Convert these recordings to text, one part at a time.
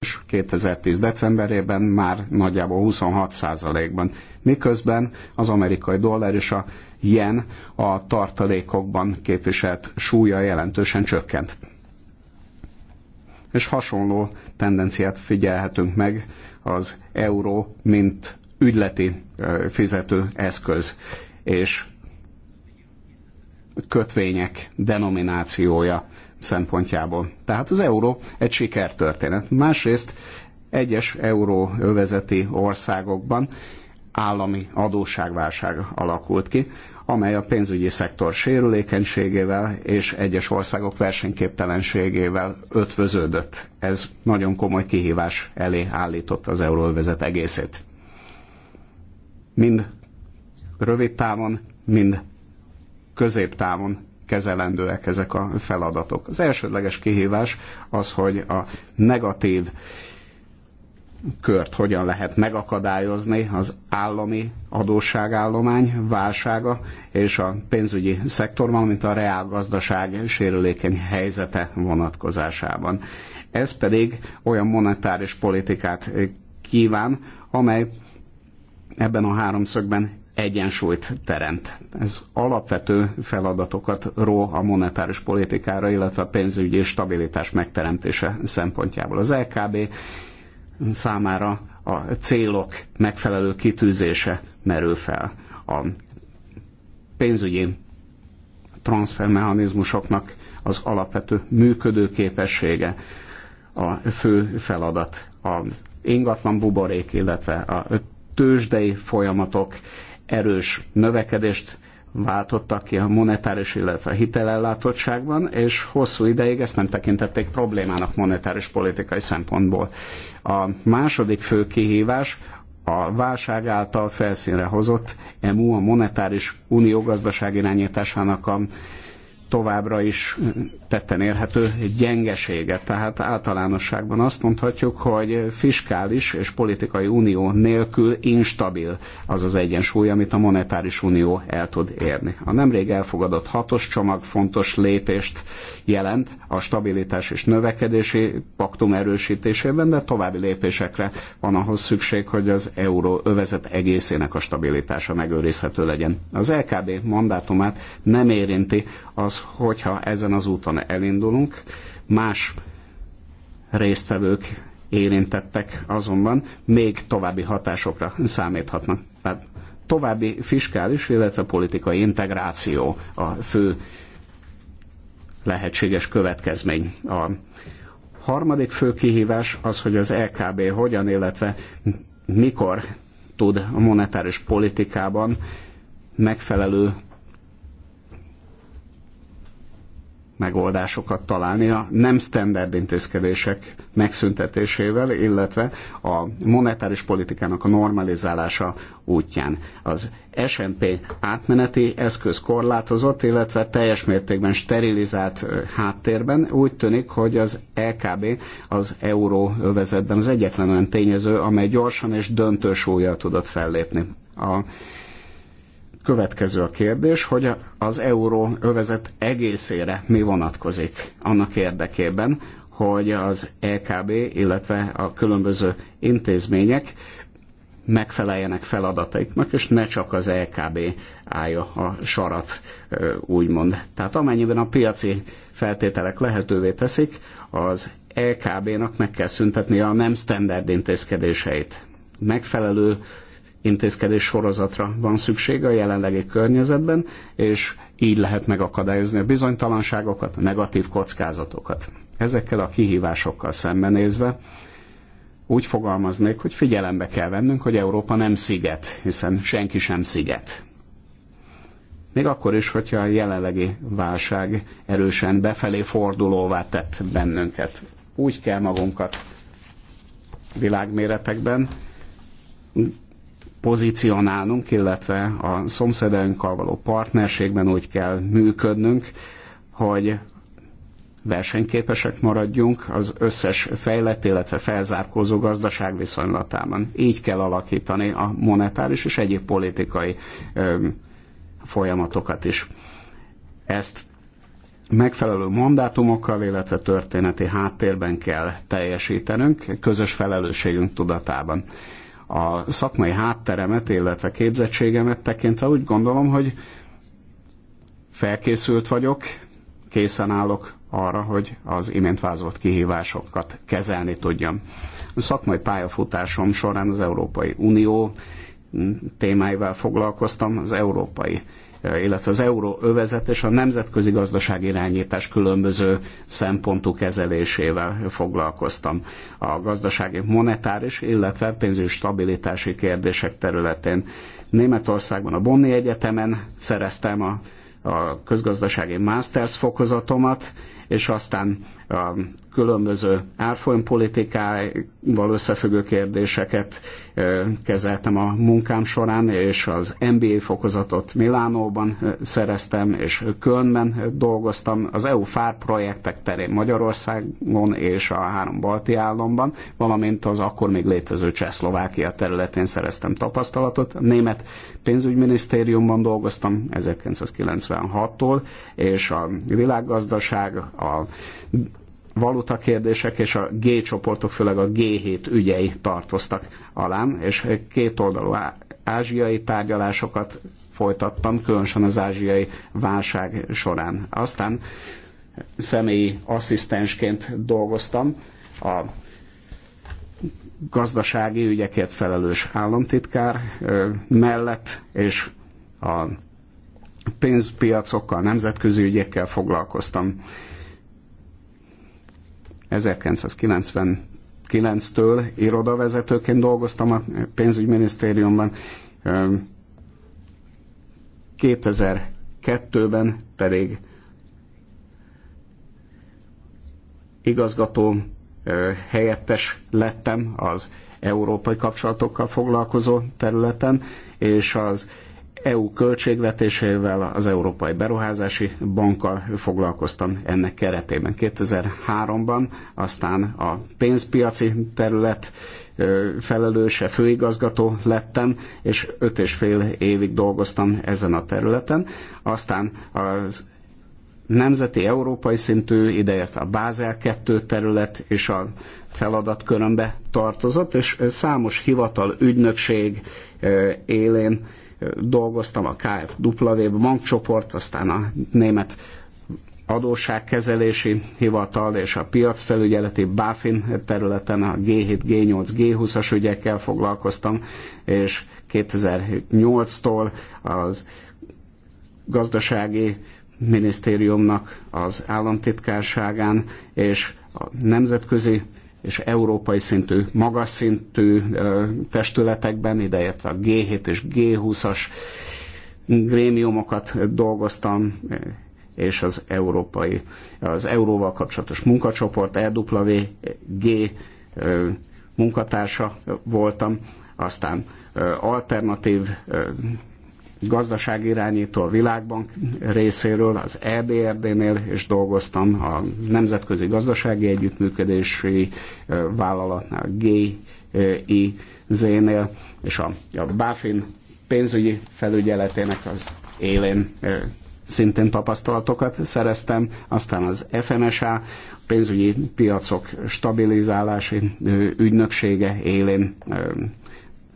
és 2010 decemberében már nagyjából 26%-ban, miközben az amerikai dollár és a yen a tartalékokban képviselt súlya jelentősen csökkent. És hasonló tendenciát figyelhetünk meg az euró, mint ügyleti fizető eszköz, és kötvények denominációja szempontjából. Tehát az euró egy sikertörténet. Másrészt egyes euróövezeti országokban állami adósságválság alakult ki, amely a pénzügyi szektor sérülékenységével és egyes országok versenyképtelenségével ötvöződött. Ez nagyon komoly kihívás elé állított az euróövezet egészét. Mind rövid távon, mind középtávon kezelendőek ezek a feladatok. Az elsődleges kihívás az, hogy a negatív kört hogyan lehet megakadályozni az állami adósságállomány válsága és a pénzügyi szektor, valamint a reálgazdaság sérülékeny helyzete vonatkozásában. Ez pedig olyan monetáris politikát kíván, amely ebben a háromszögben egyensúlyt teremt. Ez alapvető feladatokat ró a monetáris politikára, illetve a pénzügyi stabilitás megteremtése szempontjából. Az LKB számára a célok megfelelő kitűzése merül fel. A pénzügyi transfermechanizmusoknak az alapvető működőképessége a fő feladat. Az ingatlan buborék, illetve a tőzsdei folyamatok erős növekedést váltottak ki a monetáris, illetve a hitelellátottságban, és hosszú ideig ezt nem tekintették problémának monetáris politikai szempontból. A második fő kihívás a válság által felszínre hozott EMU, a monetáris unió gazdaságirányításának a továbbra is tetten érhető gyengeséget, Tehát általánosságban azt mondhatjuk, hogy fiskális és politikai unió nélkül instabil az az egyensúly, amit a monetáris unió el tud érni. A nemrég elfogadott hatos csomag fontos lépést jelent a stabilitás és növekedési paktum erősítésében, de további lépésekre van ahhoz szükség, hogy az euró övezet egészének a stabilitása megőrizhető legyen. Az LKB mandátumát nem érinti az, hogyha ezen az úton elindulunk, más résztvevők érintettek azonban még további hatásokra számíthatnak. Tehát további fiskális, illetve politikai integráció a fő lehetséges következmény. A harmadik fő kihívás az, hogy az LKB hogyan, illetve mikor tud a monetáris politikában megfelelő megoldásokat találni a nem standard intézkedések megszüntetésével, illetve a monetáris politikának a normalizálása útján. Az S&P átmeneti eszköz korlátozott, illetve teljes mértékben sterilizált háttérben. Úgy tűnik, hogy az LKB az euróövezetben az egyetlen olyan tényező, amely gyorsan és döntő súlyjal tudott fellépni. A Következő a kérdés, hogy az euró övezet egészére mi vonatkozik annak érdekében, hogy az EKB, illetve a különböző intézmények megfeleljenek feladataiknak, és ne csak az LKB e állja a sarat, úgymond. Tehát amennyiben a piaci feltételek lehetővé teszik, az LKB-nak e meg kell szüntetni a nem standard intézkedéseit. Megfelelő intézkedés sorozatra van szükség a jelenlegi környezetben, és így lehet megakadályozni a bizonytalanságokat, a negatív kockázatokat. Ezekkel a kihívásokkal szembenézve úgy fogalmaznék, hogy figyelembe kell vennünk, hogy Európa nem sziget, hiszen senki sem sziget. Még akkor is, hogyha a jelenlegi válság erősen befelé fordulóvá tett bennünket. Úgy kell magunkat világméretekben pozícionálnunk, illetve a szomszédainkkal való partnerségben úgy kell működnünk, hogy versenyképesek maradjunk az összes fejlett, illetve felzárkózó gazdaság viszonylatában. Így kell alakítani a monetáris és egyéb politikai ö, folyamatokat is. Ezt megfelelő mandátumokkal, illetve történeti háttérben kell teljesítenünk, közös felelősségünk tudatában a szakmai hátteremet, illetve képzettségemet tekintve úgy gondolom, hogy felkészült vagyok, készen állok arra, hogy az imént vázolt kihívásokat kezelni tudjam. A szakmai pályafutásom során az Európai Unió témáival foglalkoztam, az európai illetve az euróövezet és a nemzetközi gazdaság irányítás különböző szempontú kezelésével foglalkoztam. A gazdasági monetáris, illetve pénzügyi stabilitási kérdések területén Németországban a Bonni Egyetemen szereztem a, a közgazdasági masters fokozatomat, és aztán a különböző árfolyampolitikával összefüggő kérdéseket kezeltem a munkám során, és az MBA fokozatot Milánóban szereztem, és Kölnben dolgoztam, az EU FAR projektek terén Magyarországon és a három balti államban, valamint az akkor még létező Csehszlovákia területén szereztem tapasztalatot. A német pénzügyminisztériumban dolgoztam 1996-tól, és a világgazdaság, a valuta kérdések és a G csoportok, főleg a G7 ügyei tartoztak alám, és két oldalú ázsiai tárgyalásokat folytattam, különösen az ázsiai válság során. Aztán személyi asszisztensként dolgoztam a gazdasági ügyekért felelős államtitkár mellett, és a pénzpiacokkal, nemzetközi ügyekkel foglalkoztam. 1999-től irodavezetőként dolgoztam a pénzügyminisztériumban, 2002-ben pedig igazgató helyettes lettem az európai kapcsolatokkal foglalkozó területen, és az EU költségvetésével, az Európai Beruházási Bankkal foglalkoztam ennek keretében 2003-ban, aztán a pénzpiaci terület felelőse, főigazgató lettem, és öt és fél évig dolgoztam ezen a területen. Aztán az nemzeti, európai szintű, ideértve a Bázel 2 terület és a feladatkörömbe tartozott, és számos hivatal, ügynökség élén dolgoztam a KFW bankcsoport, aztán a német adósságkezelési hivatal és a piacfelügyeleti BaFin területen a G7, G8, G20-as ügyekkel foglalkoztam, és 2008-tól az gazdasági minisztériumnak az államtitkárságán és a nemzetközi és európai szintű, magas szintű testületekben, ideértve a G7 és G20-as grémiumokat dolgoztam, és az európai, az euróval kapcsolatos munkacsoport, e G munkatársa voltam, aztán alternatív gazdaságirányító a Világbank részéről, az EBRD-nél, és dolgoztam a Nemzetközi Gazdasági Együttműködési Vállalatnál, GIZ-nél, és a, a BAFIN pénzügyi felügyeletének az élén szintén tapasztalatokat szereztem, aztán az FMSA, pénzügyi piacok stabilizálási ügynöksége élén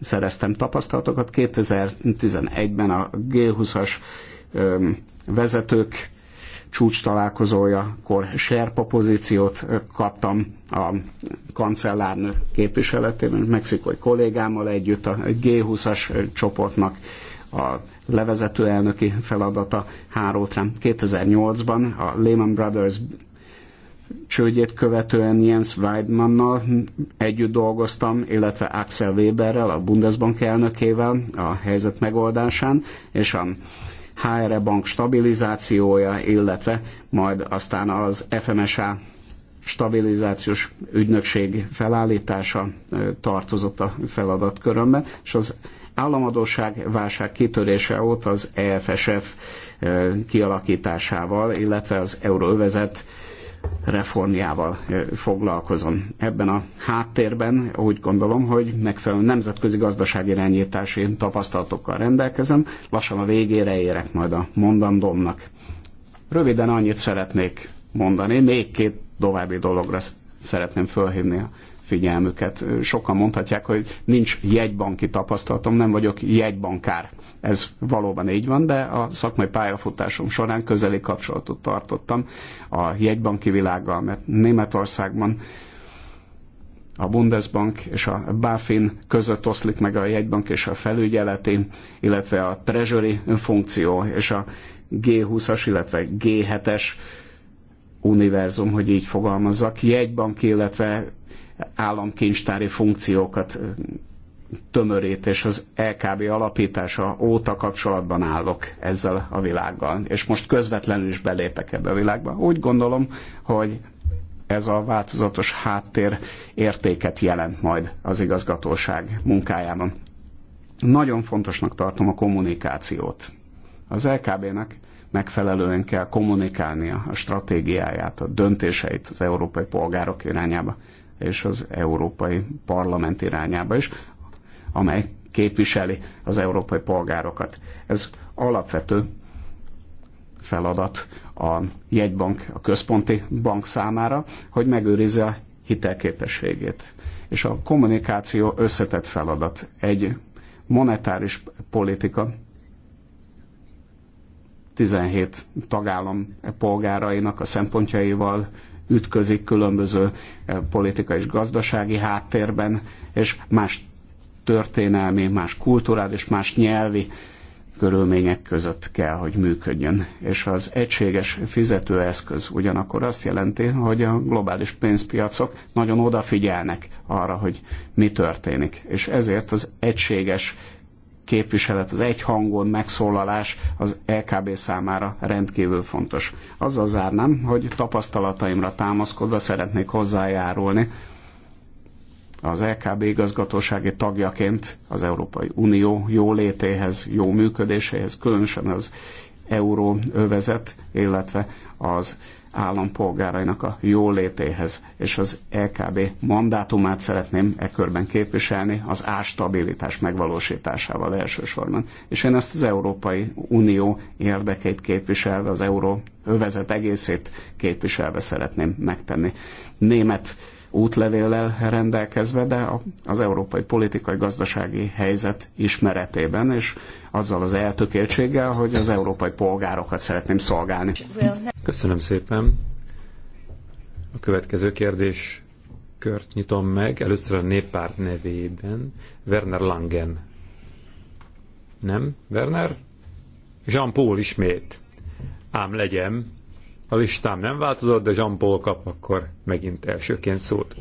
szereztem tapasztalatokat. 2011-ben a G20-as vezetők csúcs találkozójakor serpa pozíciót kaptam a kancellárnő képviseletében, mexikai kollégámmal együtt a G20-as csoportnak a levezető elnöki feladata hárót rám. 2008-ban a Lehman Brothers csődjét követően Jens Weidmannnal együtt dolgoztam, illetve Axel Weberrel, a Bundesbank elnökével a helyzet megoldásán, és a HR e bank stabilizációja, illetve majd aztán az FMSA stabilizációs ügynökség felállítása tartozott a feladatkörömben, és az államadóság válság kitörése óta az EFSF kialakításával, illetve az euróövezet reformjával foglalkozom. Ebben a háttérben úgy gondolom, hogy megfelelő nemzetközi gazdaságirányítási tapasztalatokkal rendelkezem. Lassan a végére érek majd a mondandómnak. Röviden annyit szeretnék mondani, még két további dologra szeretném fölhívni a figyelmüket. Sokan mondhatják, hogy nincs jegybanki tapasztalatom, nem vagyok jegybankár. Ez valóban így van, de a szakmai pályafutásom során közeli kapcsolatot tartottam a jegybanki világgal, mert Németországban a Bundesbank és a BaFin között oszlik meg a jegybank és a felügyeleti, illetve a treasury funkció és a G20-as, illetve G7-es univerzum, hogy így fogalmazzak, jegybank, illetve államkincstári funkciókat tömörít, és az LKB alapítása óta kapcsolatban állok ezzel a világgal, és most közvetlenül is belépek ebbe a világba. Úgy gondolom, hogy ez a változatos háttér értéket jelent majd az igazgatóság munkájában. Nagyon fontosnak tartom a kommunikációt. Az LKB-nek megfelelően kell kommunikálnia a stratégiáját, a döntéseit az európai polgárok irányába és az Európai Parlament irányába is, amely képviseli az európai polgárokat. Ez alapvető feladat a jegybank, a központi bank számára, hogy megőrizze a hitelképességét. És a kommunikáció összetett feladat. Egy monetáris politika 17 tagállam polgárainak a szempontjaival ütközik különböző eh, politikai és gazdasági háttérben, és más történelmi, más és más nyelvi körülmények között kell, hogy működjön. És az egységes fizetőeszköz ugyanakkor azt jelenti, hogy a globális pénzpiacok nagyon odafigyelnek arra, hogy mi történik. És ezért az egységes képviselet, az egyhangon megszólalás az LKB számára rendkívül fontos. Azzal zárnám, hogy tapasztalataimra támaszkodva szeretnék hozzájárulni az LKB igazgatósági tagjaként az Európai Unió jó létéhez, jó működéséhez, különösen az euróövezet, illetve az állampolgárainak a jólétéhez, és az LKB mandátumát szeretném e körben képviselni az ástabilitás megvalósításával elsősorban. És én ezt az Európai Unió érdekeit képviselve, az euró övezet egészét képviselve szeretném megtenni. Német útlevéllel rendelkezve, de az európai politikai gazdasági helyzet ismeretében, és azzal az eltökéltséggel, hogy az európai polgárokat szeretném szolgálni. Köszönöm szépen. A következő kérdés kört nyitom meg, először a néppárt nevében, Werner Langen. Nem, Werner? Jean-Paul ismét. Ám legyen. A listám nem változott, de Jean-Paul kap akkor megint elsőként szót.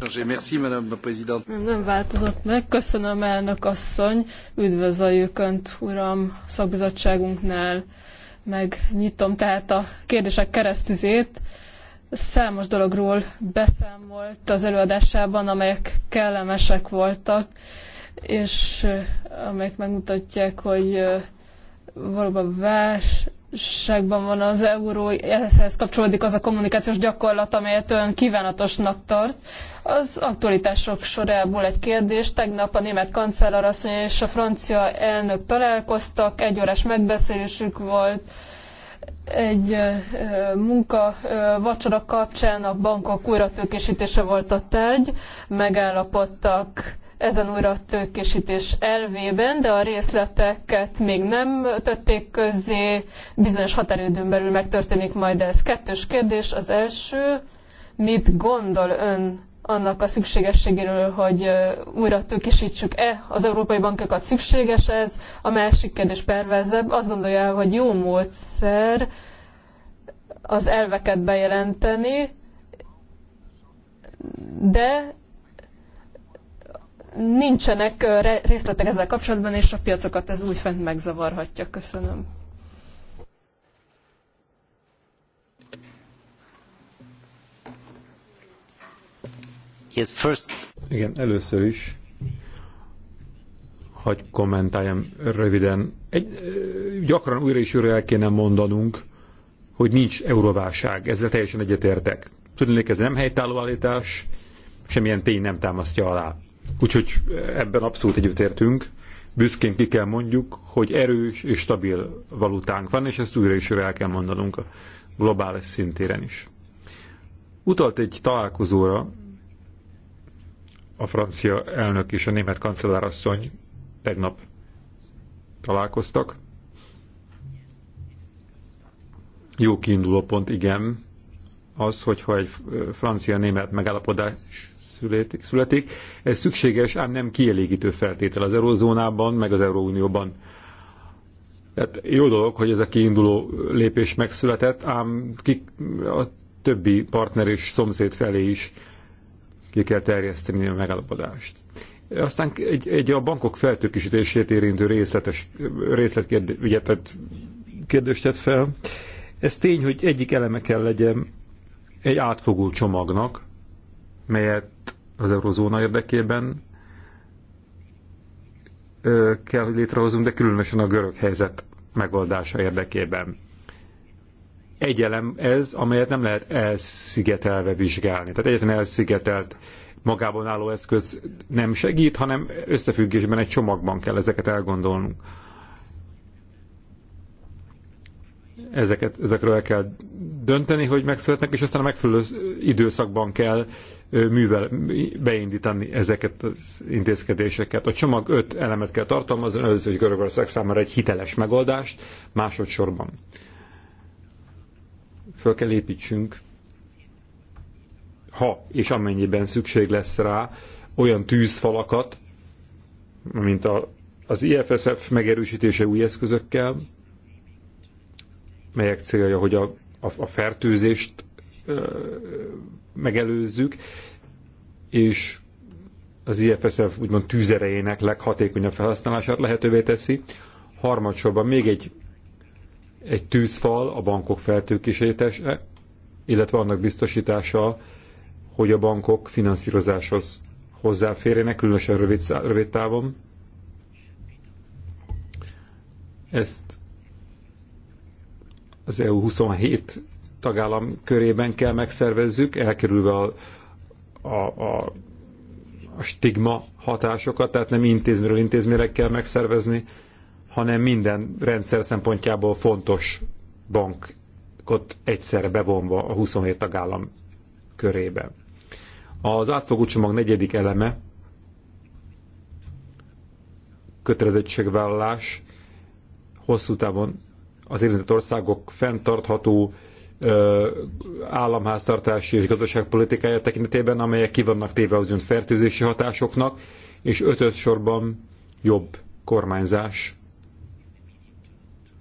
Nem, nem változott meg. Köszönöm, elnök asszony. Üdvözöljük Önt, Uram, szakbizottságunknál. Megnyitom tehát a kérdések keresztüzét számos dologról beszámolt az előadásában, amelyek kellemesek voltak, és eh, amelyek megmutatják, hogy eh, valóban vás, válságban van az euró, ehhez kapcsolódik az a kommunikációs gyakorlat, amelyet ön kívánatosnak tart. Az aktualitások sorából egy kérdés. Tegnap a német kancellárasszony és a francia elnök találkoztak, egy órás megbeszélésük volt egy munka vacsora kapcsán a bankok újratőkésítése volt a tárgy, megállapodtak ezen újra tőkésítés elvében, de a részleteket még nem tették közzé, bizonyos határidőn belül megtörténik majd ez. Kettős kérdés, az első, mit gondol ön annak a szükségességéről, hogy újra tőkésítsük-e az európai bankokat, szükséges ez? A másik kérdés pervezebb, azt gondolja, hogy jó módszer az elveket bejelenteni, de nincsenek részletek ezzel kapcsolatban, és a piacokat ez újfent megzavarhatja. Köszönöm. Yes, first. Igen, először is hagy kommentáljam röviden. Egy, gyakran újra és újra el kéne mondanunk, hogy nincs euróválság. Ezzel teljesen egyetértek. Tudnék, ez nem helytálló állítás, semmilyen tény nem támasztja alá. Úgyhogy ebben abszolút egyetértünk. Büszkén ki kell mondjuk, hogy erős és stabil valutánk van, és ezt újra is újra el kell mondanunk a globális szintéren is. Utalt egy találkozóra a francia elnök és a német kancellárasszony tegnap találkoztak. Jó kiinduló pont, igen, az, hogyha egy francia-német megállapodás születik, születik. Ez szükséges, ám nem kielégítő feltétel az eurozónában, meg az Euróunióban. Tehát jó dolog, hogy ez a kiinduló lépés megszületett, ám kik a többi partner és szomszéd felé is ki kell terjeszteni a megállapodást. Aztán egy, egy a bankok feltőkisítését érintő részletes részletkérdést kérdést tett fel. Ez tény, hogy egyik eleme kell legyen egy átfogó csomagnak, melyet az eurozóna érdekében kell, hogy létrehozunk, de különösen a görög helyzet megoldása érdekében. Egy elem ez, amelyet nem lehet elszigetelve vizsgálni. Tehát egyetlen elszigetelt magában álló eszköz nem segít, hanem összefüggésben egy csomagban kell ezeket elgondolnunk. Ezeket, ezekről el kell dönteni, hogy megszületnek, és aztán a megfelelő időszakban kell művel, beindítani ezeket az intézkedéseket. A csomag öt elemet kell tartalmazni, először, hogy Görögország számára egy hiteles megoldást, másodszorban föl kell építsünk, ha és amennyiben szükség lesz rá, olyan tűzfalakat, mint a, az IFSF megerősítése új eszközökkel, melyek célja, hogy a, a, a fertőzést ö, megelőzzük, és az IFSF úgymond tűzerejének leghatékonyabb felhasználását lehetővé teszi. Harmadsorban még egy, egy tűzfal a bankok feltőkésítése, illetve annak biztosítása, hogy a bankok finanszírozáshoz hozzáférjenek, különösen rövid, rövid távon. Ezt az EU 27 tagállam körében kell megszervezzük, elkerülve a, a, a a stigma hatásokat, tehát nem intézményről intézményre kell megszervezni, hanem minden rendszer szempontjából fontos bankot egyszerre bevonva a 27 tagállam körébe. Az átfogó csomag negyedik eleme kötelezettségvállalás hosszú távon az érintett országok fenntartható államháztartási és gazdaságpolitikája tekintetében, amelyek ki vannak téve az fertőzési hatásoknak, és ötöt sorban jobb kormányzás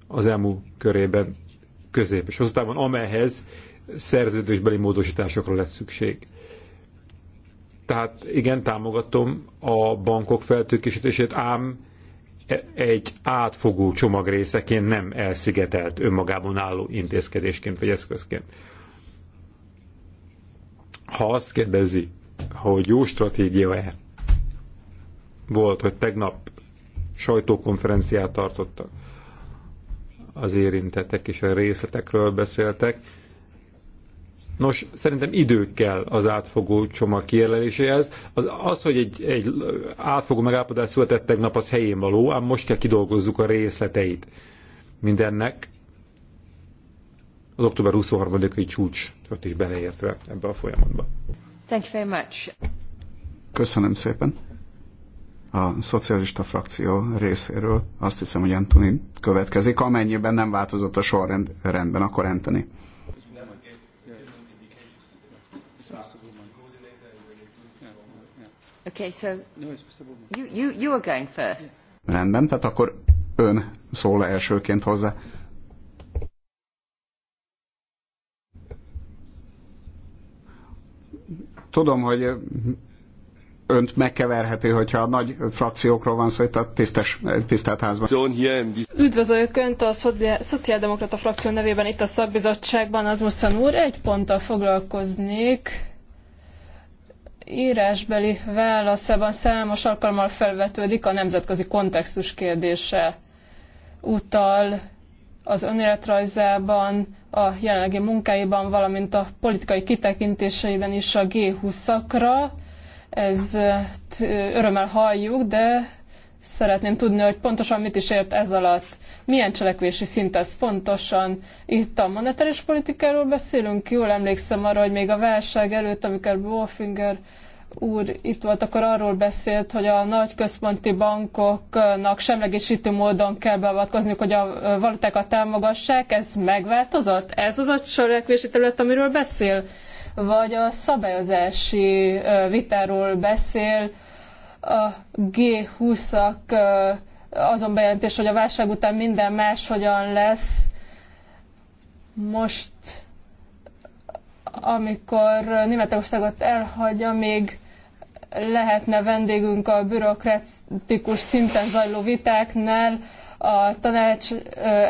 az EMU körében közép és van amelyhez szerződésbeli módosításokra lesz szükség. Tehát igen, támogatom a bankok feltőkésítését, ám egy átfogó csomag részeként, nem elszigetelt önmagában álló intézkedésként vagy eszközként. Ha azt kérdezi, hogy jó stratégia-e volt, hogy tegnap sajtókonferenciát tartottak, az érintettek és a részletekről beszéltek, Nos, szerintem idő kell az átfogó csomag kijelöléséhez. Az, az, hogy egy, egy átfogó megállapodás született tegnap, az helyén való, ám most kell kidolgozzuk a részleteit mindennek. Az október 23-ai csúcs ott is beleértve ebbe a folyamatba. Thank you very much. Köszönöm szépen. A szocialista frakció részéről azt hiszem, hogy Antonin következik. Amennyiben nem változott a sorrend rendben, akkor Antoni. Okay, so you, you, you are going first. Rendben, tehát akkor ön szól elsőként hozzá. Tudom, hogy önt megkeverheti, hogyha a nagy frakciókról van szó itt a tisztes, tisztelt házban. Üdvözöljük Önt a Szociáldemokrata frakció nevében itt a szakbizottságban, az Muszan úr. Egy ponttal foglalkoznék írásbeli válaszában számos alkalommal felvetődik a nemzetközi kontextus kérdése. Utal az önéletrajzában, a jelenlegi munkáiban, valamint a politikai kitekintéseiben is a G20-akra. Ez örömmel halljuk, de szeretném tudni, hogy pontosan mit is ért ez alatt. Milyen cselekvési szint ez pontosan? Itt a monetáris politikáról beszélünk, jól emlékszem arra, hogy még a válság előtt, amikor Wolfinger úr itt volt, akkor arról beszélt, hogy a nagy központi bankoknak semlegesítő módon kell beavatkozni, hogy a valutákat támogassák. Ez megváltozott? Ez az a cselekvési terület, amiről beszél? Vagy a szabályozási vitáról beszél, a G20-ak azon bejelentés, hogy a válság után minden máshogyan lesz. Most, amikor Németországot elhagyja, még lehetne vendégünk a bürokratikus szinten zajló vitáknál, a tanács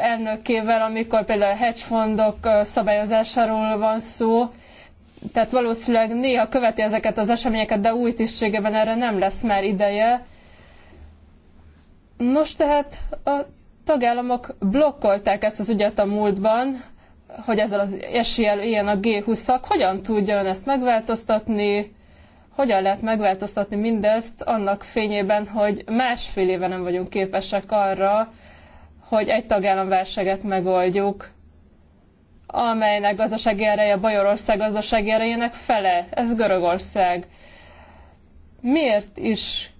elnökével, amikor például a hedgefondok szabályozásáról van szó, tehát valószínűleg néha követi ezeket az eseményeket, de új tisztségében erre nem lesz már ideje. Nos, tehát a tagállamok blokkolták ezt az ügyet a múltban, hogy ezzel az eséllyel ilyen a G20-ak. Hogyan tudja ön ezt megváltoztatni? Hogyan lehet megváltoztatni mindezt annak fényében, hogy másfél éve nem vagyunk képesek arra, hogy egy tagállam válságet megoldjuk, amelynek gazdasági ereje Bajorország gazdasági erejének fele. Ez Görögország. Miért is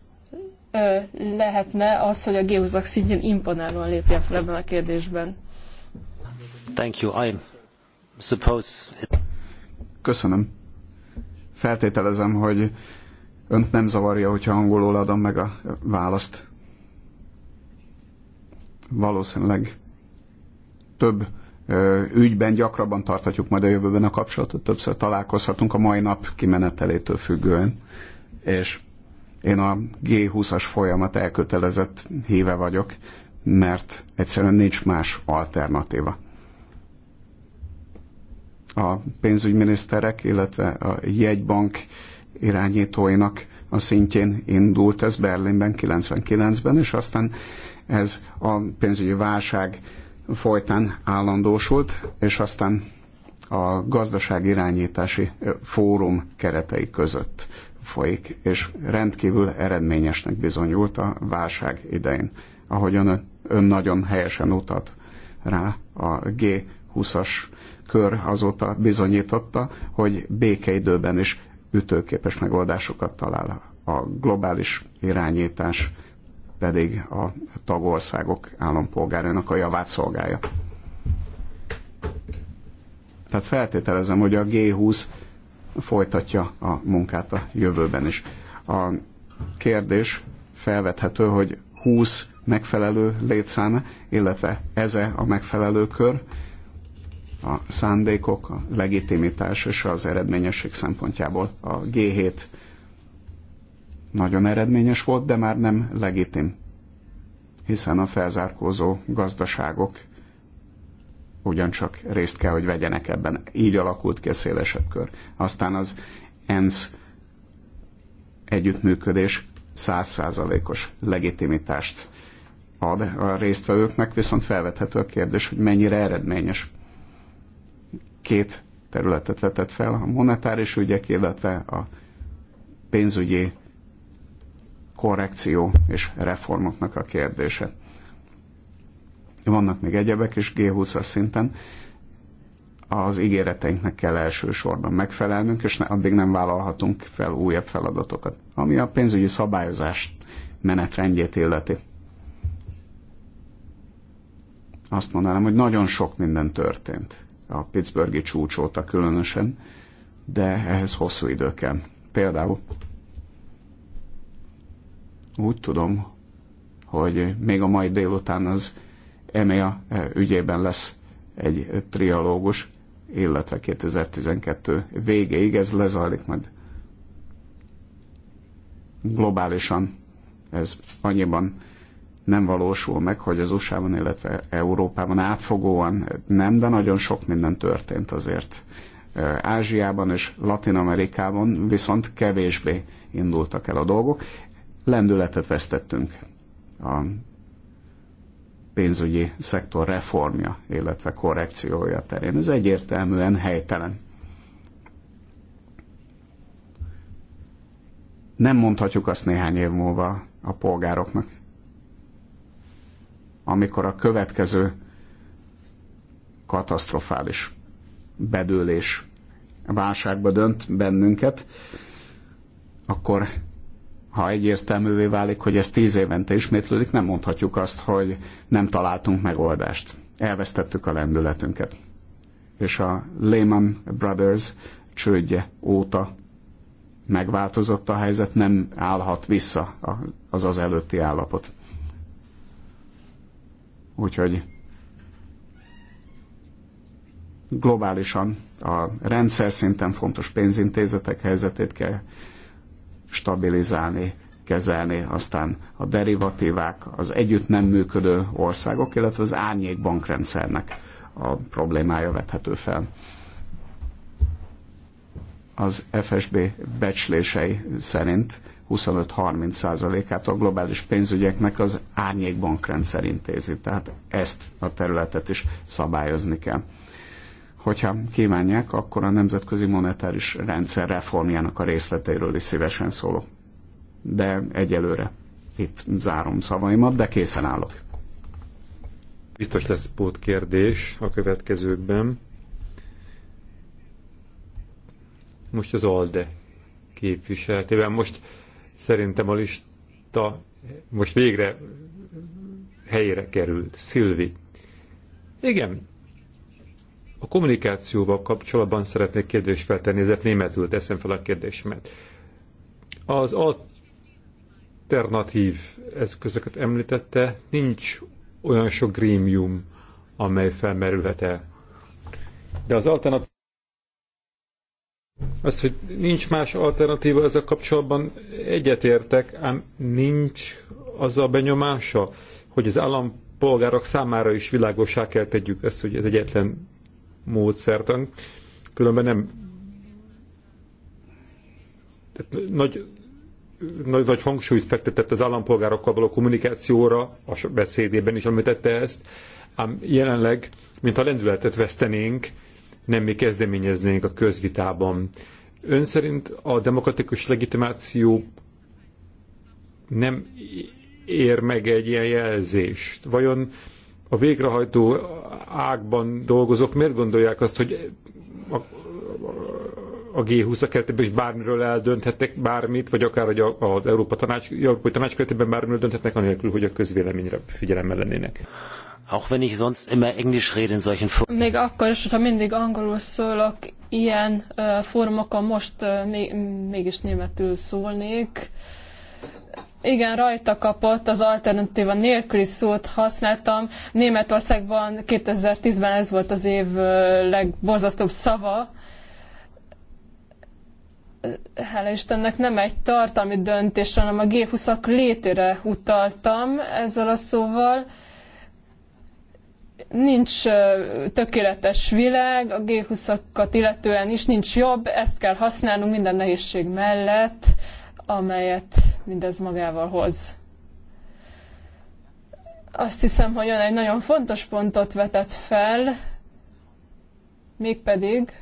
lehetne az, hogy a géhuzak szintjén imponálóan lépjen fel ebben a kérdésben. Thank you. I suppose... Köszönöm. Feltételezem, hogy önt nem zavarja, hogyha angolul adom meg a választ. Valószínűleg több ügyben gyakrabban tarthatjuk majd a jövőben a kapcsolatot, többször találkozhatunk a mai nap kimenetelétől függően, és én a G20-as folyamat elkötelezett híve vagyok, mert egyszerűen nincs más alternatíva. A pénzügyminiszterek, illetve a jegybank irányítóinak a szintjén indult ez Berlinben 99-ben, és aztán ez a pénzügyi válság folytán állandósult, és aztán a gazdaság irányítási fórum keretei között folyik, és rendkívül eredményesnek bizonyult a válság idején. Ahogyan ön, ön nagyon helyesen utat rá, a G20-as kör azóta bizonyította, hogy békeidőben is ütőképes megoldásokat talál. A globális irányítás pedig a tagországok állampolgárának a javát szolgálja. Tehát feltételezem, hogy a G20 folytatja a munkát a jövőben is. A kérdés felvethető, hogy 20 megfelelő létszáma, illetve eze a megfelelő kör, a szándékok, a legitimitás és az eredményesség szempontjából. A G7 nagyon eredményes volt, de már nem legitim, hiszen a felzárkózó gazdaságok ugyancsak részt kell, hogy vegyenek ebben. Így alakult ki a szélesebb kör. Aztán az ENSZ együttműködés százszázalékos legitimitást ad a résztvevőknek, viszont felvethető a kérdés, hogy mennyire eredményes. Két területet vetett fel, a monetáris ügyek, illetve a pénzügyi korrekció és reformoknak a kérdése. Vannak még egyebek is G20-as szinten. Az ígéreteinknek kell elsősorban megfelelnünk, és addig nem vállalhatunk fel újabb feladatokat. Ami a pénzügyi szabályozás menetrendjét illeti. Azt mondanám, hogy nagyon sok minden történt a Pittsburghi csúcs óta különösen, de ehhez hosszú idő kell. Például úgy tudom, hogy még a mai délután az EMEA eh, ügyében lesz egy trialógus, illetve 2012 végéig ez lezajlik majd globálisan. Ez annyiban nem valósul meg, hogy az USA-ban, illetve Európában átfogóan nem, de nagyon sok minden történt azért. Eh, Ázsiában és Latin Amerikában viszont kevésbé indultak el a dolgok. Lendületet vesztettünk a pénzügyi szektor reformja, illetve korrekciója terén. Ez egyértelműen helytelen. Nem mondhatjuk azt néhány év múlva a polgároknak, amikor a következő katasztrofális bedőlés válságba dönt bennünket, akkor ha egyértelművé válik, hogy ez tíz évente ismétlődik, nem mondhatjuk azt, hogy nem találtunk megoldást. Elvesztettük a lendületünket. És a Lehman Brothers csődje óta megváltozott a helyzet, nem állhat vissza az az előtti állapot. Úgyhogy globálisan a rendszer szinten fontos pénzintézetek helyzetét kell stabilizálni, kezelni, aztán a derivatívák, az együtt nem működő országok, illetve az árnyék bankrendszernek a problémája vethető fel. Az FSB becslései szerint 25-30%-át a globális pénzügyeknek az bankrendszer intézi. Tehát ezt a területet is szabályozni kell hogyha kívánják, akkor a nemzetközi monetáris rendszer reformjának a részleteiről is szívesen szólok. De egyelőre itt zárom szavaimat, de készen állok. Biztos lesz pótkérdés a következőkben. Most az ALDE képviseletében. Most szerintem a lista most végre helyére került. Szilvi. Igen, a kommunikációval kapcsolatban szeretnék kérdést feltenni, ezért németül teszem fel a kérdésemet. Az alternatív eszközöket említette, nincs olyan sok grémium, amely felmerülhet el. De az alternatív az, hogy nincs más alternatíva ezzel kapcsolatban, egyetértek, ám nincs az a benyomása, hogy az állampolgárok számára is világosá kell tegyük ezt, hogy ez egyetlen módszertan, különben nem nagy, nagy, nagy hangsúlyt fektetett az állampolgárokkal való kommunikációra, a beszédében is tette ezt, ám jelenleg, mint a lendületet vesztenénk, nem mi kezdeményeznénk a közvitában. Ön szerint a demokratikus legitimáció nem ér meg egy ilyen jelzést? Vajon a végrehajtó ágban dolgozók miért gondolják azt, hogy a, a G20 keretében is bármiről eldönthetnek bármit, vagy akár hogy az Európa Tanács, Európai Tanács keretében bármiről dönthetnek, anélkül, hogy a közvéleményre figyelemmel lennének. Auch wenn ich sonst immer Englisch rede in solchen Még akkor is, hogyha mindig angolul szólok, ilyen uh, fórumokon most uh, mégis németül szólnék. Uh, igen, rajta kapott, az alternatíva nélküli szót használtam. Németországban 2010-ben ez volt az év legborzasztóbb szava. Hála Istennek nem egy tartalmi döntés, hanem a G20-ak létére utaltam ezzel a szóval. Nincs tökéletes világ, a G20-akat illetően is nincs jobb, ezt kell használnunk minden nehézség mellett, amelyet mindez magával hoz. Azt hiszem, hogy ön egy nagyon fontos pontot vetett fel, mégpedig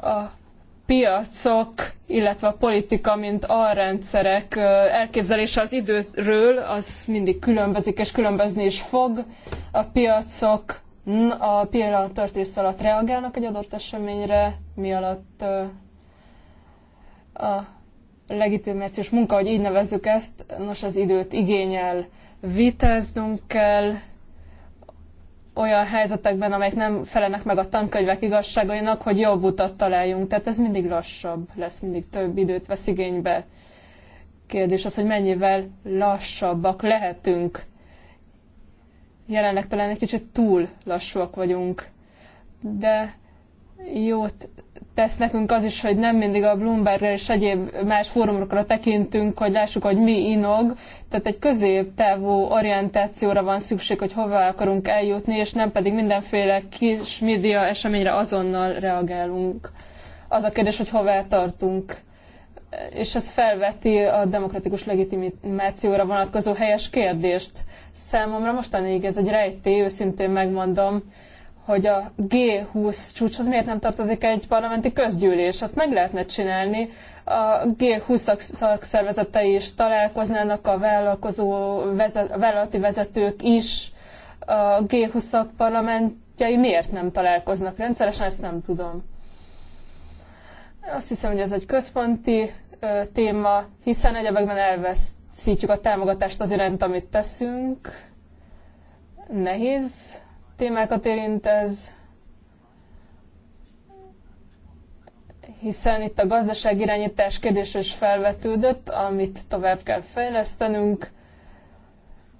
a piacok, illetve a politika, mint alrendszerek elképzelése az időről, az mindig különbözik, és különbözni is fog. A piacok a pillanattörtész alatt reagálnak egy adott eseményre, mi alatt a legitimációs munka, hogy így nevezzük ezt, nos az időt igényel. Vitáznunk kell olyan helyzetekben, amelyek nem felelnek meg a tankönyvek igazságainak, hogy jobb utat találjunk. Tehát ez mindig lassabb lesz, mindig több időt vesz igénybe. Kérdés az, hogy mennyivel lassabbak lehetünk. Jelenleg talán egy kicsit túl lassúak vagyunk, de jót tesz nekünk az is, hogy nem mindig a Bloomberg és egyéb más fórumokra tekintünk, hogy lássuk, hogy mi inog. Tehát egy középtávú orientációra van szükség, hogy hova akarunk eljutni, és nem pedig mindenféle kis média eseményre azonnal reagálunk. Az a kérdés, hogy hová tartunk. És ez felveti a demokratikus legitimációra vonatkozó helyes kérdést. Számomra mostanáig ez egy rejtély, őszintén megmondom hogy a G20 csúcshoz miért nem tartozik egy parlamenti közgyűlés. Azt meg lehetne csinálni. A G20 szakszervezetei is találkoznának, a vállalkozó vezet, a vállalati vezetők is. A G20 parlamentjai miért nem találkoznak rendszeresen, ezt nem tudom. Azt hiszem, hogy ez egy központi ö, téma, hiszen egyebekben elveszítjük a támogatást az iránt, amit teszünk. Nehéz témákat érint ez, hiszen itt a gazdaságirányítás kérdés is felvetődött, amit tovább kell fejlesztenünk.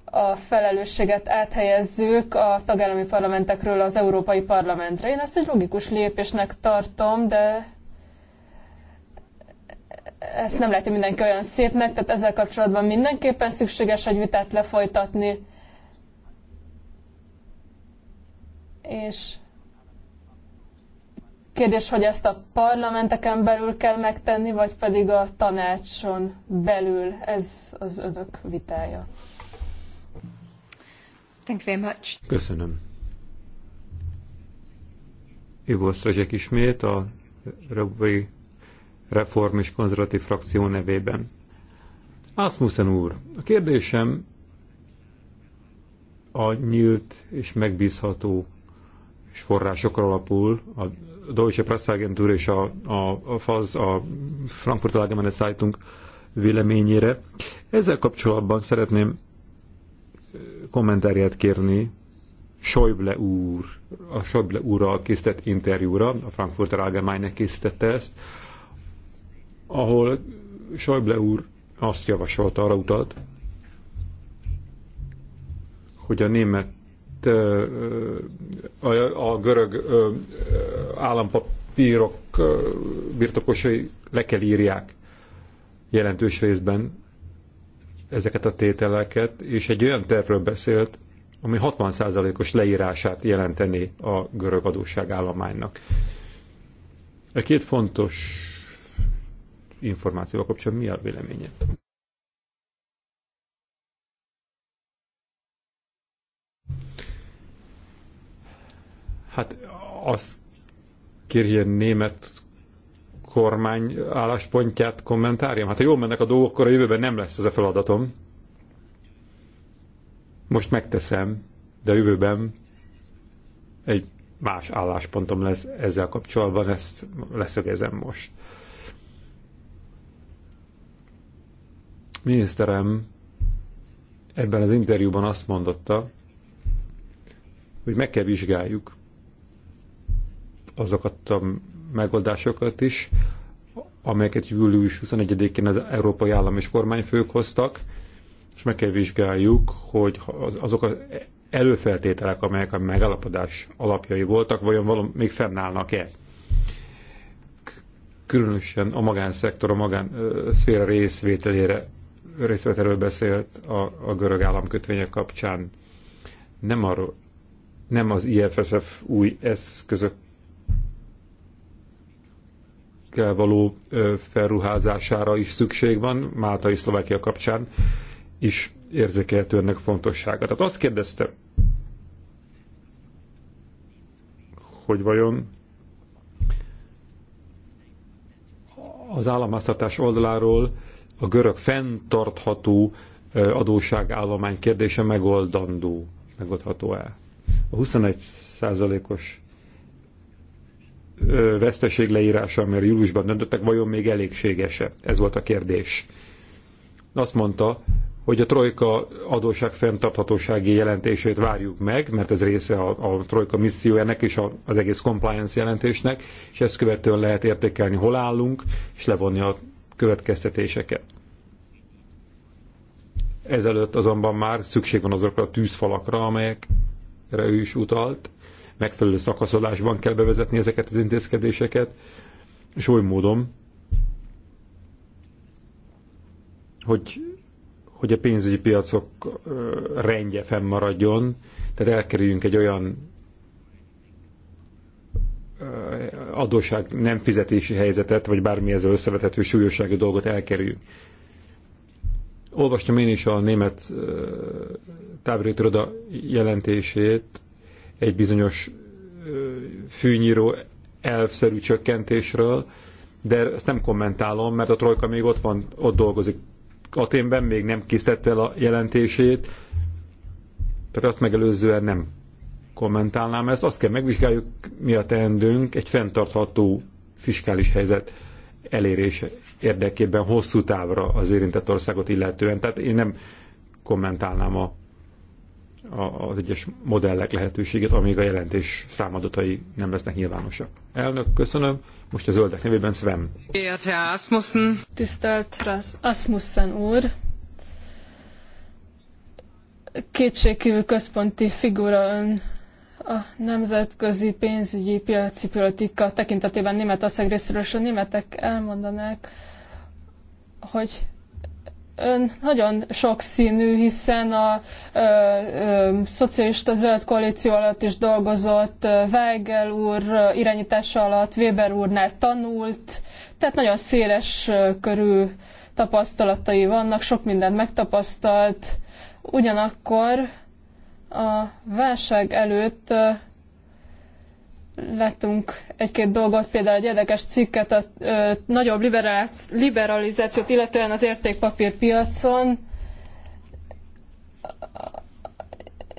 A felelősséget áthelyezzük a tagállami parlamentekről az Európai Parlamentre. Én ezt egy logikus lépésnek tartom, de ezt nem lehet mindenki olyan szépnek, tehát ezzel kapcsolatban mindenképpen szükséges egy vitát lefolytatni. és kérdés, hogy ezt a parlamenteken belül kell megtenni, vagy pedig a tanácson belül. Ez az önök vitája. Thank you very much. Köszönöm. Ivo Strozsek ismét a Röbbi Reform és Konzervatív Frakció nevében. Asmussen úr, a kérdésem a nyílt és megbízható és forrásokra alapul, a Deutsche Presseagentur és a, a, a FAZ, a Frankfurt Allgemeine Zeitung véleményére. Ezzel kapcsolatban szeretném kommentárját kérni Schäuble úr, a Schäuble úrral készített interjúra, a Frankfurter Allgemeine készítette ezt, ahol Schäuble úr azt javasolta, arra utalt, hogy a német itt a görög állampapírok birtokosai le kell írják jelentős részben ezeket a tételeket, és egy olyan tervről beszélt, ami 60%-os leírását jelenteni a görög állománynak. E két fontos információval kapcsolatban mi a véleményed? Hát azt kérje német kormány álláspontját kommentárjam. Hát ha jól mennek a dolgok, akkor a jövőben nem lesz ez a feladatom. Most megteszem, de a jövőben egy más álláspontom lesz ezzel kapcsolatban, ezt leszögezem most. Miniszterem ebben az interjúban azt mondotta, hogy meg kell vizsgáljuk, azokat a megoldásokat is, amelyeket július 21-én az európai állam és kormányfők hoztak, és meg kell vizsgáljuk, hogy azok az előfeltételek, amelyek a megállapodás alapjai voltak, vajon valami még fennállnak-e? Különösen a magánszektor, a magánszféra részvételére, részvételről beszélt a, a görög államkötvények kapcsán. Nem arról, nem az IFSF új eszközök kell való felruházására is szükség van, Málta és Szlovákia kapcsán is érzékelhető ennek fontossága. Tehát azt kérdezte, hogy vajon az államháztatás oldaláról a görög fenntartható adóságállomány kérdése megoldandó, megoldható-e? A 21 százalékos veszteség leírása, amire júliusban döntöttek, vajon még elégséges-e? Ez volt a kérdés. Azt mondta, hogy a trojka adóság fenntarthatósági jelentését várjuk meg, mert ez része a, a trojka missziójának és a, az egész compliance jelentésnek, és ezt követően lehet értékelni, hol állunk, és levonni a következtetéseket. Ezelőtt azonban már szükség van azokra a tűzfalakra, amelyekre ő is utalt, megfelelő szakaszolásban kell bevezetni ezeket az intézkedéseket, és oly módon, hogy, hogy a pénzügyi piacok rendje fennmaradjon, tehát elkerüljünk egy olyan adóság nem fizetési helyzetet, vagy bármi ezzel összevethető súlyosságú dolgot elkerüljünk. Olvastam én is a német távirőtöröda jelentését, egy bizonyos fűnyíró elvszerű csökkentésről, de ezt nem kommentálom, mert a trojka még ott van, ott dolgozik Aténben, még nem készítette el a jelentését, tehát azt megelőzően nem kommentálnám ezt. Azt kell megvizsgáljuk, mi a teendőnk egy fenntartható fiskális helyzet elérése érdekében hosszú távra az érintett országot illetően. Tehát én nem kommentálnám a az egyes modellek lehetőségét, amíg a jelentés számadatai nem lesznek nyilvánosak. Elnök, köszönöm. Most a zöldek nevében Sven. Tisztelt Asmussen úr! Kétségkívül központi figura ön a nemzetközi pénzügyi piaci politika tekintetében Németország részéről, és a németek elmondanák, hogy nagyon sokszínű, hiszen a ö, ö, szocialista zöld koalíció alatt is dolgozott, Weigel úr irányítása alatt, Weber úrnál tanult, tehát nagyon széles körű tapasztalatai vannak, sok mindent megtapasztalt, ugyanakkor a válság előtt Láttunk egy-két dolgot, például egy érdekes cikket a ö, nagyobb liberalizációt illetően az értékpapírpiacon.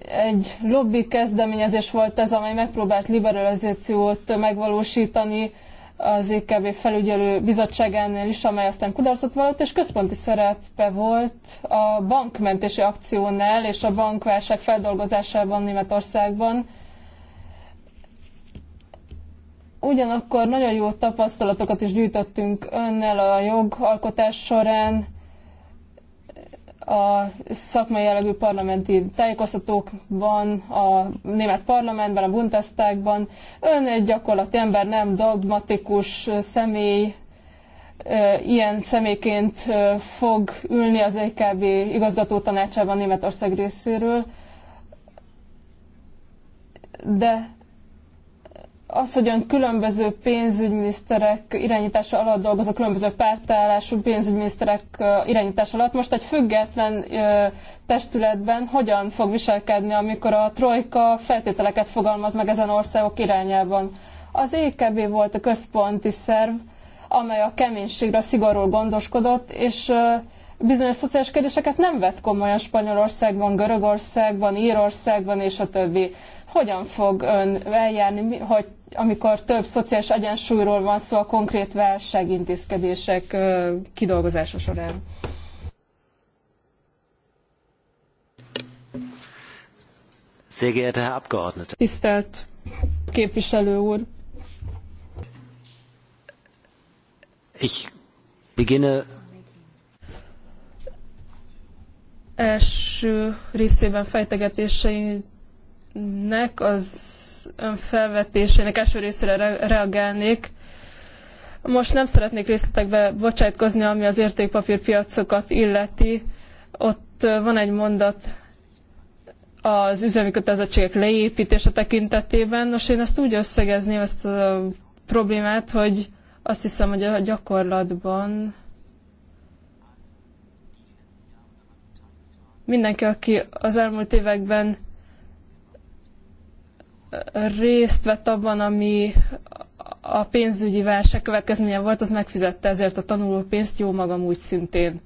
Egy lobby kezdeményezés volt ez, amely megpróbált liberalizációt megvalósítani az EKB felügyelő bizottságánál is, amely aztán kudarcot vallott, és központi szerepe volt a bankmentési akciónál és a bankválság feldolgozásában Németországban Ugyanakkor nagyon jó tapasztalatokat is gyűjtöttünk önnel a jogalkotás során, a szakmai jellegű parlamenti tájékoztatókban, a német parlamentben, a Bundestagban. Ön egy gyakorlati ember, nem dogmatikus személy, ilyen személyként fog ülni az EKB igazgató tanácsában Németország részéről. De az, olyan különböző pénzügyminiszterek irányítása alatt dolgozó különböző pártállású pénzügyminiszterek irányítása alatt most egy független testületben hogyan fog viselkedni, amikor a trojka feltételeket fogalmaz meg ezen országok irányában. Az EKB volt a központi szerv, amely a keménységre, szigorú gondoskodott, és bizonyos szociális kérdéseket nem vett komolyan Spanyolországban, Görögországban, Írországban és a többi. Hogyan fog ön eljárni, hogy amikor több szociális egyensúlyról van szó a konkrét válságintézkedések kidolgozása során? Tisztelt képviselő úr! Ich beginne első részében fejtegetéseinek az felvetésének első részére re reagálnék. Most nem szeretnék részletekbe bocsájtkozni, ami az értékpapírpiacokat illeti. Ott van egy mondat az üzemi kötelezettségek leépítése tekintetében. Nos, én ezt úgy összegezném, ezt a problémát, hogy azt hiszem, hogy a gyakorlatban Mindenki, aki az elmúlt években részt vett abban, ami a pénzügyi válság következménye volt, az megfizette ezért a tanulópénzt, jó magam úgy szintén.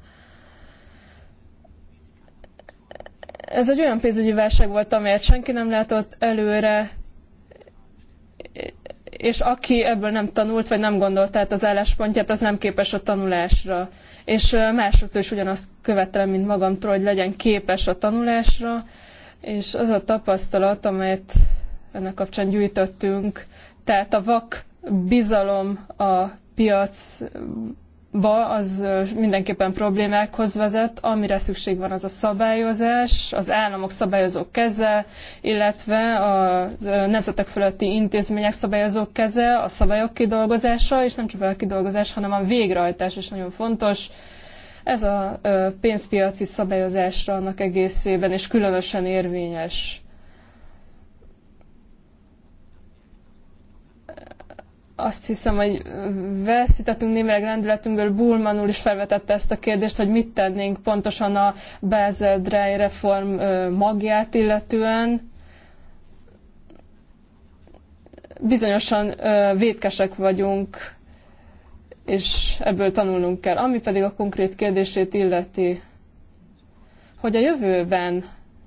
Ez egy olyan pénzügyi válság volt, amelyet senki nem látott előre, és aki ebből nem tanult, vagy nem gondolt át az álláspontját, az nem képes a tanulásra. És másoktól is ugyanazt követelem, mint magamtól, hogy legyen képes a tanulásra, és az a tapasztalat, amelyet ennek kapcsán gyűjtöttünk, tehát a vak bizalom a piac ba, az mindenképpen problémákhoz vezet. Amire szükség van, az a szabályozás, az államok szabályozók keze, illetve a nemzetek fölötti intézmények szabályozók keze, a szabályok kidolgozása, és nem csak a kidolgozás, hanem a végrehajtás is nagyon fontos. Ez a pénzpiaci szabályozásra annak egészében, és különösen érvényes. azt hiszem, hogy veszítettünk némileg lendületünkből, Bulman úr is felvetette ezt a kérdést, hogy mit tennénk pontosan a Basel Dry reform magját illetően. Bizonyosan vétkesek vagyunk, és ebből tanulnunk kell. Ami pedig a konkrét kérdését illeti, hogy a jövőben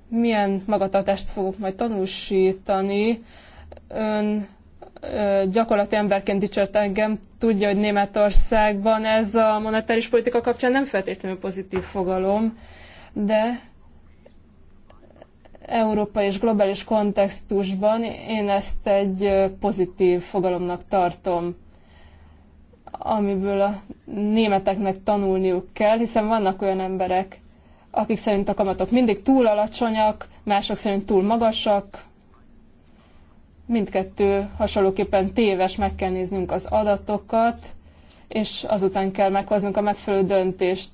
milyen magatartást fogok majd tanúsítani, ön gyakorlati emberként dicsért engem, tudja, hogy Németországban ez a monetáris politika kapcsán nem feltétlenül pozitív fogalom, de európai és globális kontextusban én ezt egy pozitív fogalomnak tartom, amiből a németeknek tanulniuk kell, hiszen vannak olyan emberek, akik szerint a kamatok mindig túl alacsonyak, mások szerint túl magasak, mindkettő hasonlóképpen téves, meg kell néznünk az adatokat, és azután kell meghoznunk a megfelelő döntést.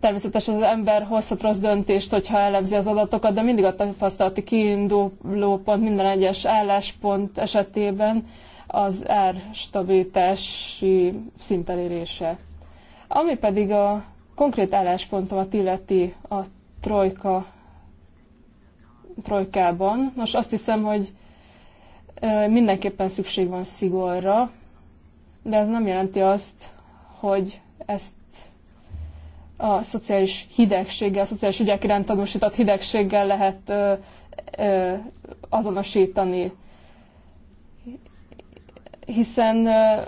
Természetesen az ember hozhat rossz döntést, hogyha elemzi az adatokat, de mindig a tapasztalati kiinduló pont minden egyes álláspont esetében az r stabilitási szint elérése. Ami pedig a konkrét álláspontomat illeti a trojka, trojkában, most azt hiszem, hogy Mindenképpen szükség van szigorra, de ez nem jelenti azt, hogy ezt a szociális hidegséggel, a szociális ügyek iránt tanúsított hidegséggel lehet ö, ö, azonosítani. Hiszen ö,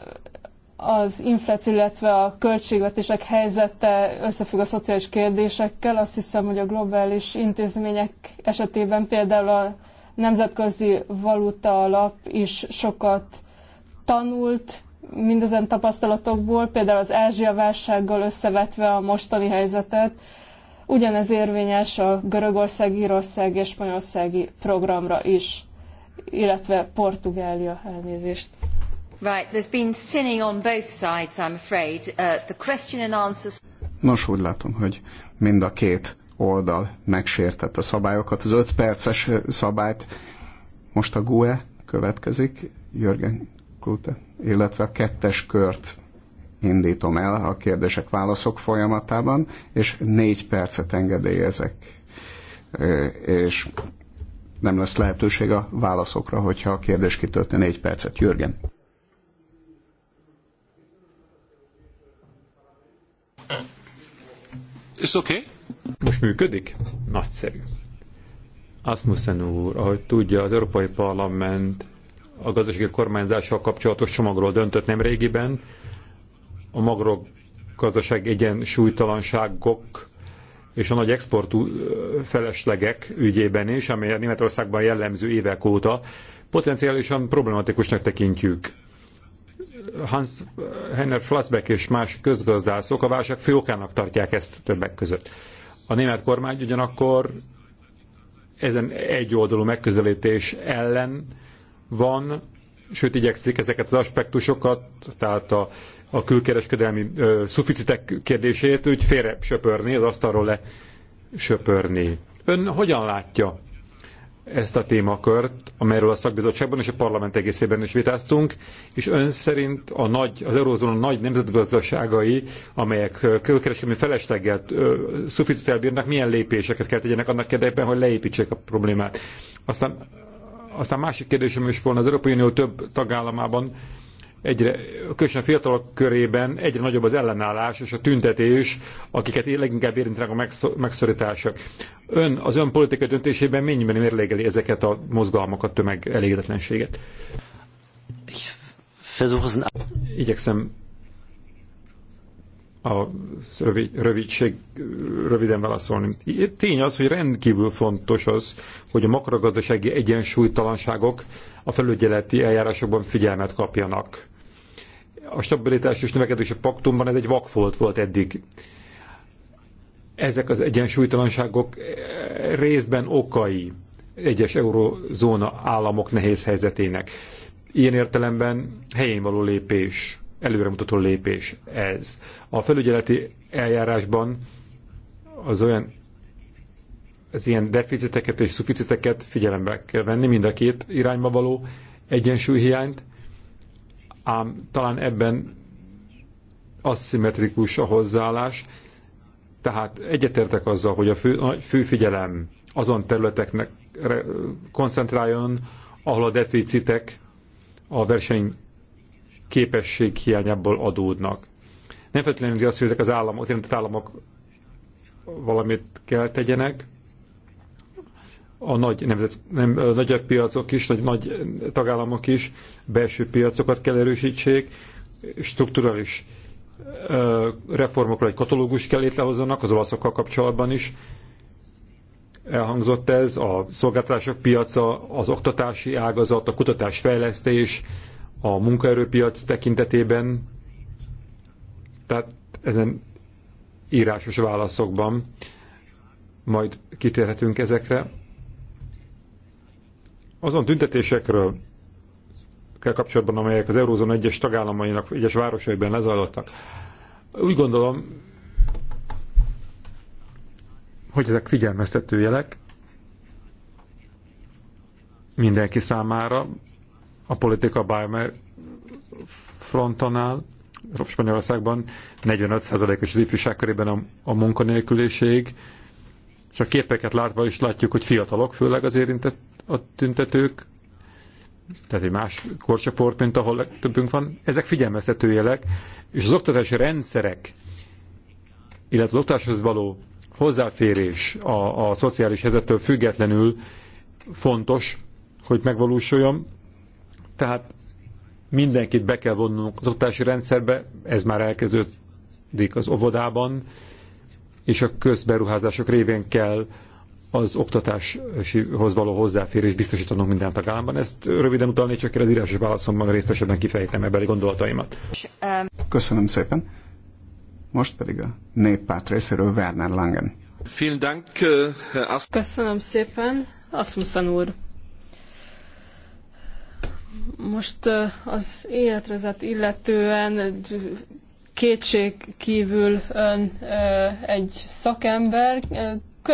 az infláció, illetve a költségvetések helyzete összefügg a szociális kérdésekkel. Azt hiszem, hogy a globális intézmények esetében például a nemzetközi valuta alap is sokat tanult mindezen tapasztalatokból, például az Ázsia válsággal összevetve a mostani helyzetet, ugyanez érvényes a Görögország, Írország és Spanyolországi programra is, illetve Portugália elnézést. Right, there's been sinning on both sides, I'm afraid. Uh, the question and answers... Nos, úgy látom, hogy mind a két oldal megsértett a szabályokat, az öt perces szabályt. Most a GUE következik, Jörgen Klute, illetve a kettes kört indítom el a kérdések-válaszok folyamatában, és négy percet engedélyezek. És nem lesz lehetőség a válaszokra, hogyha a kérdés kitölti négy percet. Jörgen. It's okay. Most működik? Nagyszerű. Asmussen úr, ahogy tudja, az Európai Parlament a gazdasági kormányzással kapcsolatos csomagról döntött nem régiben. A magro gazdaság egyensúlytalanságok és a nagy export feleslegek ügyében is, amely a Németországban jellemző évek óta potenciálisan problematikusnak tekintjük. Hans Henner Flasbeck és más közgazdászok a válság fő okának tartják ezt többek között. A német kormány ugyanakkor ezen egyoldalú megközelítés ellen van, sőt igyekszik ezeket az aspektusokat, tehát a, a külkereskedelmi ö, szuficitek kérdését úgy félre söpörni, az asztalról le söpörni. Ön hogyan látja ezt a témakört, amelyről a szakbizottságban és a parlament egészében is vitáztunk, és ön szerint a nagy, az eurózóna nagy nemzetgazdaságai, amelyek külkereskedelmi felesleggel szuficitál bírnak, milyen lépéseket kell tegyenek annak érdekében, hogy leépítsék a problémát. Aztán, aztán másik kérdésem is volna, az Európai Unió több tagállamában egyre, különösen a fiatalok körében egyre nagyobb az ellenállás és a tüntetés, akiket leginkább érintenek a megszorítások. Ön az ön politikai döntésében mennyiben mérlegeli ezeket a mozgalmakat, tömeg elégedetlenséget? Igyekszem a rövid, rövidség, röviden válaszolni. Tény az, hogy rendkívül fontos az, hogy a makrogazdasági egyensúlytalanságok a felügyeleti eljárásokban figyelmet kapjanak a stabilitás és növekedési paktumban ez egy vakfolt volt eddig. Ezek az egyensúlytalanságok részben okai egyes eurozóna államok nehéz helyzetének. Ilyen értelemben helyén való lépés, előremutató lépés ez. A felügyeleti eljárásban az olyan az ilyen deficiteket és szuficiteket figyelembe kell venni, mind a két irányba való egyensúlyhiányt, ám talán ebben aszimmetrikus a hozzáállás, tehát egyetértek azzal, hogy a fő, a fő figyelem azon területeknek koncentráljon, ahol a deficitek a verseny képesség hiányából adódnak. Nem feltétlenül az, hogy ezek az államok, az államok valamit kell tegyenek, a nagy, nemzet, nem, a nagyobb piacok is, nagy nagy tagállamok is belső piacokat kell erősítsék, strukturális reformokra egy katalógus kell létrehozzanak, az olaszokkal kapcsolatban is elhangzott ez, a szolgáltatások piaca, az oktatási ágazat, a kutatás fejlesztés, a munkaerőpiac tekintetében, tehát ezen írásos válaszokban majd kitérhetünk ezekre. Azon tüntetésekről kell kapcsolatban, amelyek az Eurózon egyes tagállamainak, egyes városaiban lezajlottak. Úgy gondolom, hogy ezek figyelmeztető jelek mindenki számára a politika Bajmer frontonál, Spanyolországban 45%-os az ifjúság körében a, a munkanélküliség, és a képeket látva is látjuk, hogy fiatalok főleg az érintett a tüntetők, tehát egy más korcsoport, mint ahol többünk van, ezek figyelmeztető jelek, és az oktatási rendszerek, illetve az oktatáshoz való hozzáférés a, a szociális helyzettől függetlenül fontos, hogy megvalósuljon. Tehát mindenkit be kell vonnunk az oktatási rendszerbe, ez már elkezdődik az óvodában, és a közberuházások révén kell az oktatáshoz való hozzáférés biztosítanunk minden tagállamban. Ezt röviden utalni, csak az írásos válaszomban részesebben kifejtem ebbeli gondolataimat. Köszönöm szépen. Most pedig a néppárt részéről Werner Langen. Äh, Köszönöm szépen, Asmussen úr. Most az életrezet illetően kétség kívül ön egy szakember,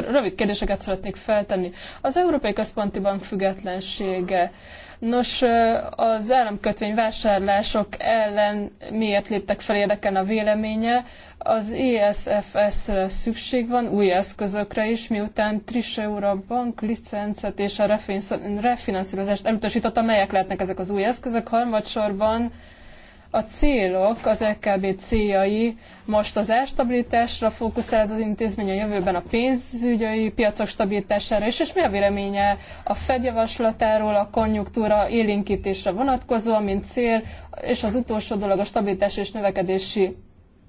rövid kérdéseket szeretnék feltenni. Az Európai Központi Bank függetlensége. Nos, az államkötvény vásárlások ellen miért léptek fel érdeken a véleménye? Az ESFS-re szükség van, új eszközökre is, miután Tris Euro bank licencet és a refinanszírozást elutasította, melyek lehetnek ezek az új eszközök harmadsorban. A célok, az LKB e céljai most az elstabilitásra fókuszál ez az intézmény a jövőben a pénzügyi piacok stabilitására is, és mi a véleménye a Fed javaslatáról, a konjunktúra élénkítésre vonatkozóan, mint cél, és az utolsó dolog a stabilitás és növekedési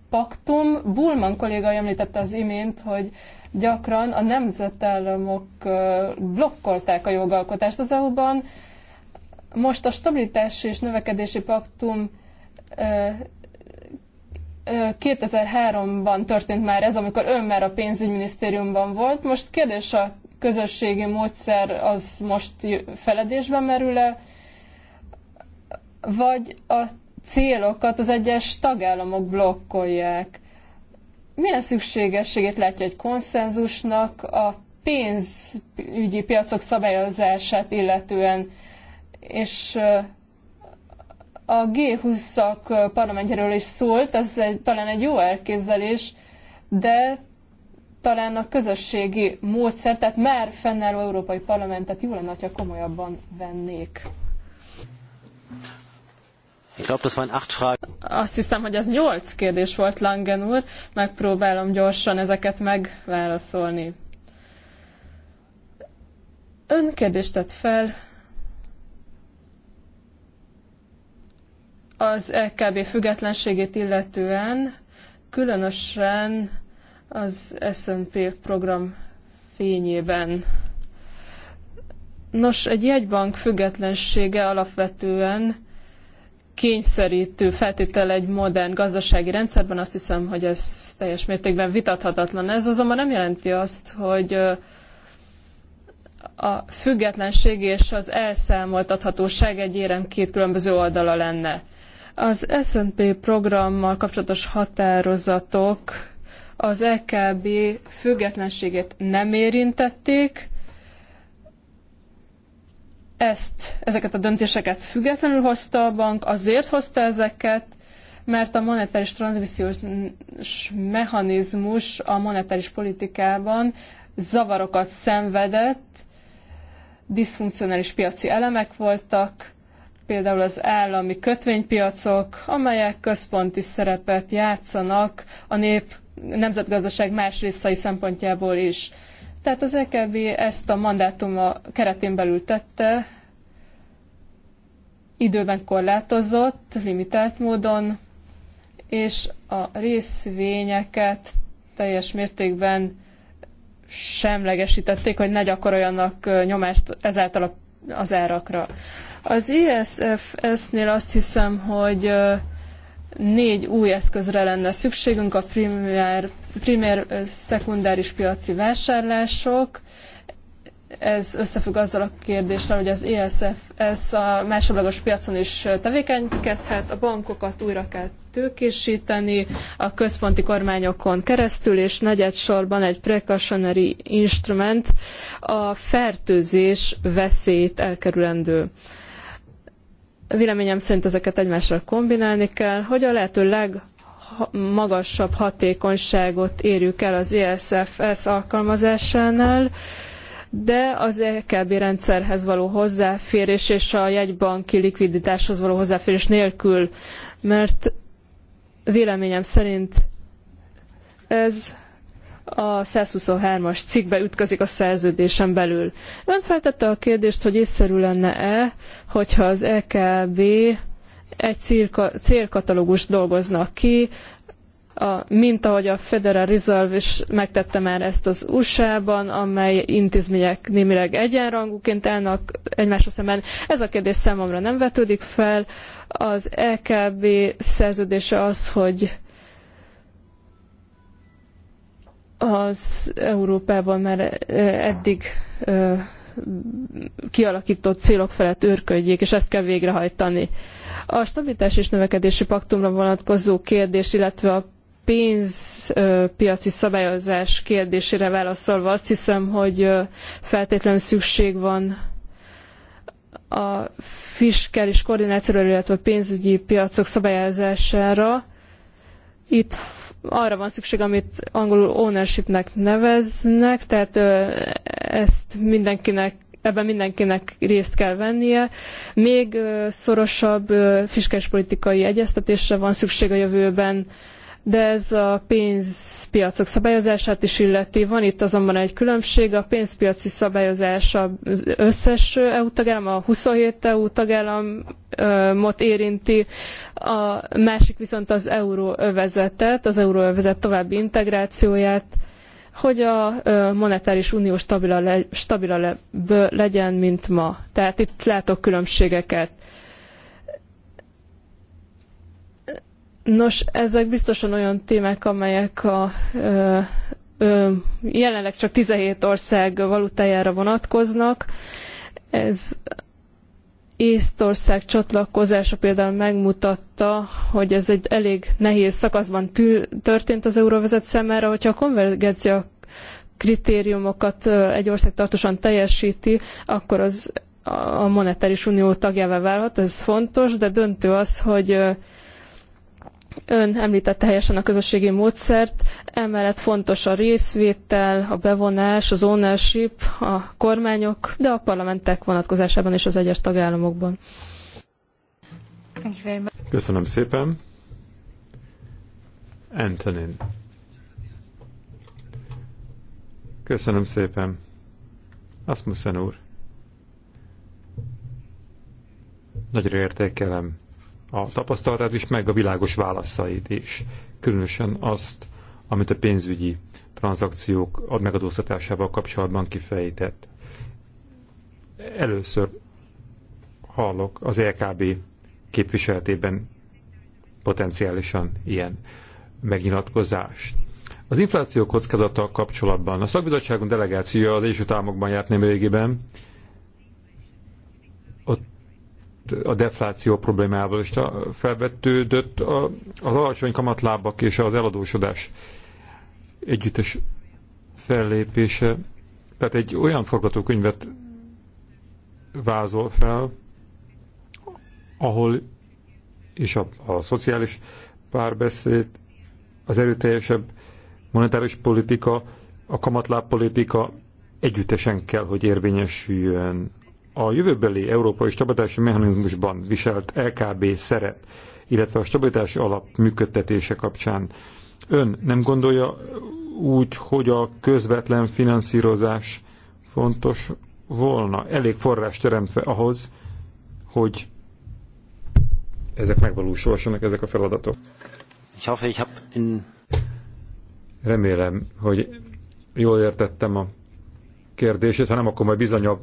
paktum. Bulman kolléga említette az imént, hogy gyakran a nemzetállamok blokkolták a jogalkotást az EU-ban. Most a stabilitás és növekedési paktum 2003-ban történt már ez, amikor ön már a pénzügyminisztériumban volt. Most kérdés a közösségi módszer az most feledésbe merül-e, vagy a célokat az egyes tagállamok blokkolják? Milyen szükségességét látja egy konszenzusnak a pénzügyi piacok szabályozását illetően, és a G20-ak parlamentjéről is szólt, ez egy, talán egy jó elképzelés, de talán a közösségi módszer, tehát már fennálló európai parlamentet jó lenne, ha komolyabban vennék. Azt hiszem, hogy ez nyolc kérdés volt, Langen úr. Megpróbálom gyorsan ezeket megválaszolni. Ön kérdést tett fel az EKB függetlenségét illetően, különösen az S&P program fényében. Nos, egy jegybank függetlensége alapvetően kényszerítő feltétel egy modern gazdasági rendszerben, azt hiszem, hogy ez teljes mértékben vitathatatlan. Ez azonban nem jelenti azt, hogy a függetlenség és az elszámoltathatóság egy érem két különböző oldala lenne. Az S&P programmal kapcsolatos határozatok az EKB függetlenségét nem érintették, ezt, ezeket a döntéseket függetlenül hozta a bank, azért hozta ezeket, mert a monetáris tranzmissziós mechanizmus a monetáris politikában zavarokat szenvedett, diszfunkcionális piaci elemek voltak, például az állami kötvénypiacok, amelyek központi szerepet játszanak a nép nemzetgazdaság más részei szempontjából is. Tehát az EKB ezt a mandátum a keretén belül tette, időben korlátozott, limitált módon, és a részvényeket teljes mértékben semlegesítették, hogy ne gyakoroljanak nyomást ezáltal az árakra. Az ISFS-nél azt hiszem, hogy négy új eszközre lenne szükségünk, a primér, szekundáris piaci vásárlások, ez összefügg azzal a kérdéssel, hogy az ESFS a másodlagos piacon is tevékenykedhet, a bankokat újra kell tőkésíteni a központi kormányokon keresztül, és negyedsorban egy precautionary instrument a fertőzés veszélyt elkerülendő. Véleményem szerint ezeket egymással kombinálni kell, hogy a lehető legmagasabb hatékonyságot érjük el az ESFS alkalmazásánál, de az EKB rendszerhez való hozzáférés és a jegybanki likviditáshoz való hozzáférés nélkül, mert véleményem szerint ez a 123-as cikkbe ütközik a szerződésen belül. Ön feltette a kérdést, hogy észszerű lenne-e, hogyha az EKB egy célka, célkatalógust dolgoznak ki, a, mint ahogy a Federal Reserve is megtette már ezt az USA-ban, amely intézmények némileg egyenrangúként állnak egymásra szemben. Ez a kérdés számomra nem vetődik fel. Az EKB szerződése az, hogy az Európában már eddig kialakított célok felett őrködjék, és ezt kell végrehajtani. A stabilitás és növekedési paktumra vonatkozó kérdés, illetve a pénzpiaci szabályozás kérdésére válaszolva azt hiszem, hogy feltétlenül szükség van a fiskális koordinációra, illetve a pénzügyi piacok szabályozására. Itt arra van szükség, amit angolul ownershipnek neveznek, tehát ezt mindenkinek ebben mindenkinek részt kell vennie. Még szorosabb fiskális politikai egyeztetésre van szükség a jövőben, de ez a pénzpiacok szabályozását is illeti. Van itt azonban egy különbség, a pénzpiaci szabályozás az összes EU tagállam, a 27 EU tagállamot érinti, a másik viszont az euróövezetet, az euróövezet további integrációját, hogy a monetáris unió stabilabb stabila legyen, mint ma. Tehát itt látok különbségeket. Nos, ezek biztosan olyan témák, amelyek a ö, ö, jelenleg csak 17 ország valutájára vonatkoznak. Ez Észtország csatlakozása például megmutatta, hogy ez egy elég nehéz szakaszban történt az euróvezet szemére, hogyha a konvergencia kritériumokat egy ország tartósan teljesíti, akkor az a monetáris unió tagjává válhat, ez fontos, de döntő az, hogy Ön említette helyesen a közösségi módszert, emellett fontos a részvétel, a bevonás, az ownership, a kormányok, de a parlamentek vonatkozásában és az egyes tagállamokban. Köszönöm szépen. Antonin. Köszönöm szépen. Asmussen úr. Nagyra értékelem a tapasztalatát is, meg a világos válaszaid is. Különösen azt, amit a pénzügyi tranzakciók megadóztatásával kapcsolatban kifejtett. Először hallok az LKB képviseletében potenciálisan ilyen megnyilatkozást. Az infláció kockázata kapcsolatban a szakbizottságunk delegációja az Egyesült Államokban járt nemrégiben. Ott a defláció problémával is felvetődött, a, az alacsony kamatlábak és az eladósodás együttes fellépése. Tehát egy olyan forgatókönyvet vázol fel, ahol és a, a szociális párbeszéd, az erőteljesebb monetáris politika, a politika együttesen kell, hogy érvényesüljön a jövőbeli európai stabilitási mechanizmusban viselt LKB szerep, illetve a stabilitási alap működtetése kapcsán ön nem gondolja úgy, hogy a közvetlen finanszírozás fontos volna, elég forrás teremtve ahhoz, hogy ezek megvalósulhassanak, ezek a feladatok. Ich hoffe, ich hab in... Remélem, hogy jól értettem a kérdését, ha nem, akkor majd bizony a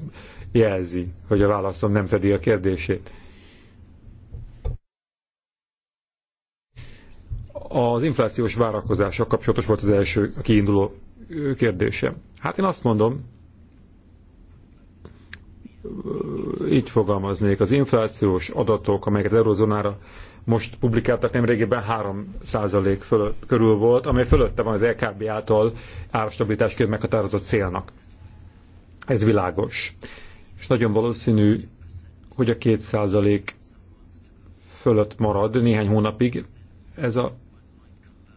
jelzi, hogy a válaszom nem fedi a kérdését. Az inflációs várakozások kapcsolatos volt az első a kiinduló kérdése. Hát én azt mondom, így fogalmaznék, az inflációs adatok, amelyeket eurozónára most publikáltak nemrégiben 3 százalék körül volt, amely fölötte van az LKB által árstabilitásként meghatározott célnak. Ez világos és nagyon valószínű, hogy a két százalék fölött marad néhány hónapig ez a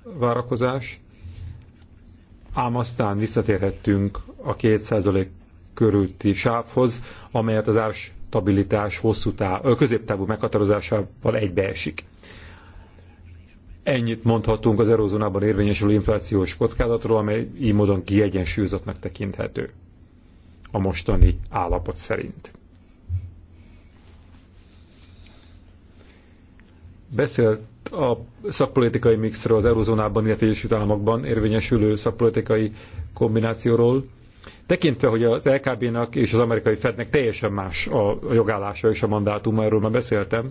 várakozás, ám aztán visszatérhettünk a két százalék körülti sávhoz, amelyet az árs stabilitás hosszú táv, középtávú meghatározásával egybeesik. Ennyit mondhatunk az erózónában érvényesülő inflációs kockázatról, amely így módon kiegyensúlyozottnak tekinthető a mostani állapot szerint. Beszélt a szakpolitikai mixről az eurozónában, illetve Egyesült Államokban érvényesülő szakpolitikai kombinációról, Tekintve, hogy az LKB-nak és az amerikai Fednek teljesen más a jogállása és a mandátum, erről már beszéltem,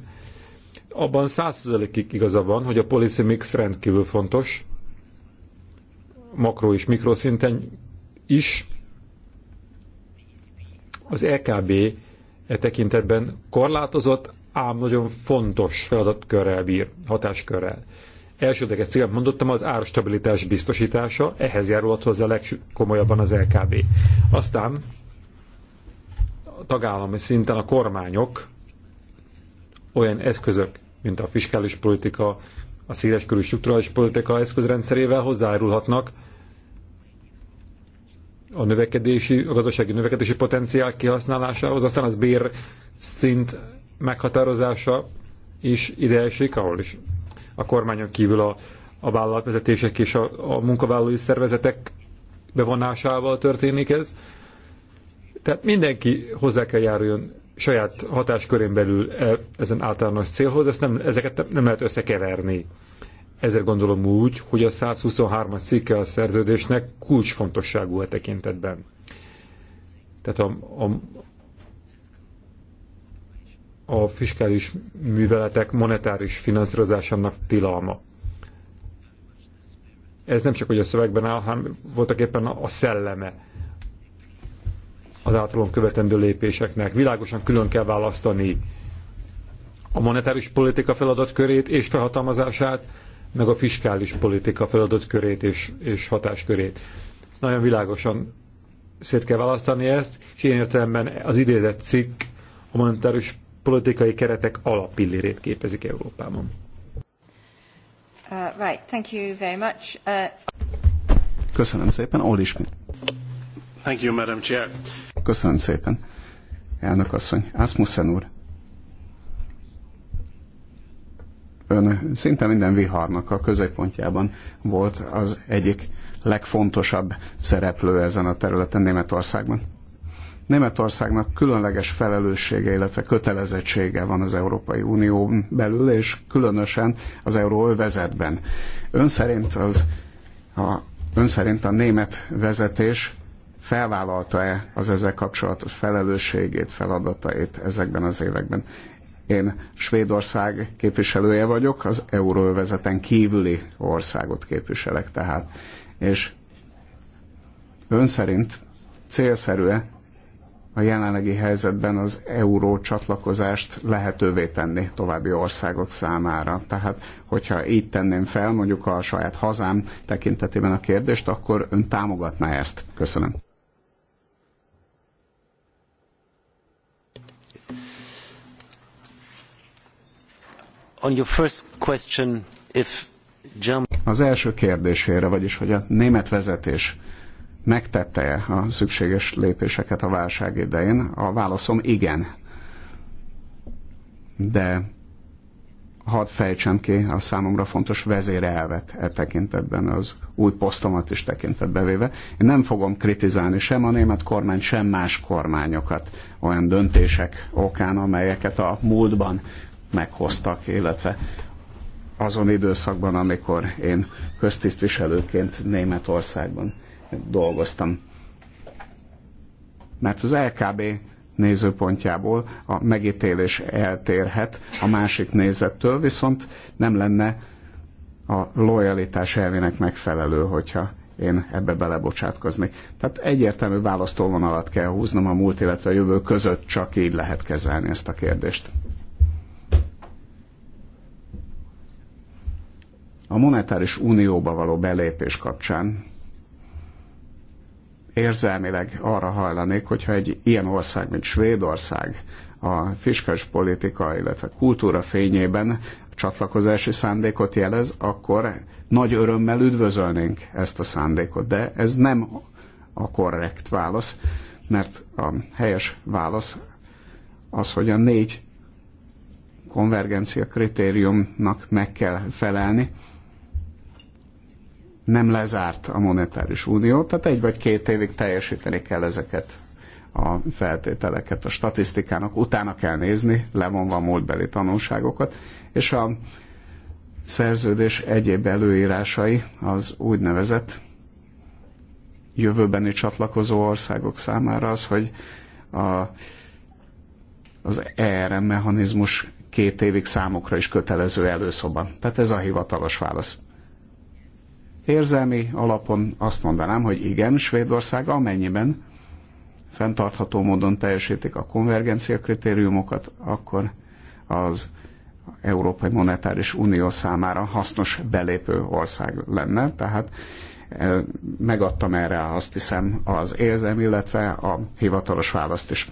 abban százszerzelékig igaza van, hogy a policy mix rendkívül fontos, makro és mikroszinten is, az LKB e, e tekintetben korlátozott, ám nagyon fontos feladatkörrel bír, hatáskörrel. Elsődleges cél, mondottam, az árstabilitás biztosítása, ehhez járulhat hozzá legkomolyabban az LKB. E Aztán a tagállami szinten a kormányok olyan eszközök, mint a fiskális politika, a széleskörű struktúrális politika eszközrendszerével hozzájárulhatnak a növekedési, a gazdasági növekedési potenciál kihasználásához, aztán az bér szint meghatározása is ide esik, ahol is a kormányon kívül a, a vállalatvezetések és a, a munkavállalói szervezetek bevonásával történik ez. Tehát mindenki hozzá kell járuljon saját hatáskörén belül e, ezen általános célhoz, ezt nem, ezeket nem lehet összekeverni. Ezért gondolom úgy, hogy a 123-as cikke a szerződésnek kulcsfontosságú a e tekintetben. Tehát a, a, a fiskális műveletek monetáris finanszírozásának tilalma. Ez nem csak, hogy a szövegben áll, hanem voltak éppen a szelleme az általunk követendő lépéseknek. Világosan külön kell választani a monetáris politika feladatkörét és felhatalmazását meg a fiskális politika feladatkörét és, és hatáskörét. Nagyon világosan szét kell választani ezt, és én értelemben az idézett cikk a monetáris politikai keretek alapillérét képezik Európában. Uh, right, thank you very much. Uh... Köszönöm szépen, Oli Thank you, Madam Chair. Köszönöm szépen, elnök asszony. Asmussen úr. Ön szinte minden viharnak a középpontjában volt az egyik legfontosabb szereplő ezen a területen Németországban. Németországnak különleges felelőssége, illetve kötelezettsége van az Európai Unió belül, és különösen az euróövezetben. Ön szerint, az, a, ön szerint a német vezetés felvállalta-e az ezzel kapcsolatos felelősségét, feladatait ezekben az években? Én Svédország képviselője vagyok, az euróövezeten kívüli országot képviselek tehát. És ön szerint célszerű -e a jelenlegi helyzetben az euró csatlakozást lehetővé tenni további országok számára. Tehát, hogyha így tenném fel mondjuk a saját hazám tekintetében a kérdést, akkor ön támogatná ezt. Köszönöm. Az első kérdésére, vagyis hogy a német vezetés megtette-e a szükséges lépéseket a válság idején, a válaszom igen. De hadd fejtsem ki a számomra fontos vezérelvet e tekintetben, az új posztomat is tekintetbe véve. Én nem fogom kritizálni sem a német kormányt, sem más kormányokat olyan döntések okán, amelyeket a múltban meghoztak, illetve azon időszakban, amikor én köztisztviselőként Németországban dolgoztam. Mert az LKB nézőpontjából a megítélés eltérhet a másik nézettől, viszont nem lenne a lojalitás elvének megfelelő, hogyha én ebbe belebocsátkoznék. Tehát egyértelmű választóvonalat kell húznom a múlt, illetve a jövő között, csak így lehet kezelni ezt a kérdést. A monetáris unióba való belépés kapcsán érzelmileg arra hajlanék, hogyha egy ilyen ország, mint Svédország a fiskális politika, illetve kultúra fényében csatlakozási szándékot jelez, akkor nagy örömmel üdvözölnénk ezt a szándékot. De ez nem a korrekt válasz, mert a helyes válasz az, hogy a négy konvergencia kritériumnak meg kell felelni, nem lezárt a monetáris unió, tehát egy vagy két évig teljesíteni kell ezeket a feltételeket a statisztikának, utána kell nézni, levonva a múltbeli tanulságokat, és a szerződés egyéb előírásai az úgynevezett jövőbeni csatlakozó országok számára az, hogy a, az ERM mechanizmus két évig számukra is kötelező előszoba. Tehát ez a hivatalos válasz. Érzelmi alapon azt mondanám, hogy igen, Svédország amennyiben fenntartható módon teljesítik a konvergencia kritériumokat, akkor az Európai Monetáris Unió számára hasznos belépő ország lenne. Tehát e, megadtam erre azt hiszem az érzelmi, illetve a hivatalos választ is.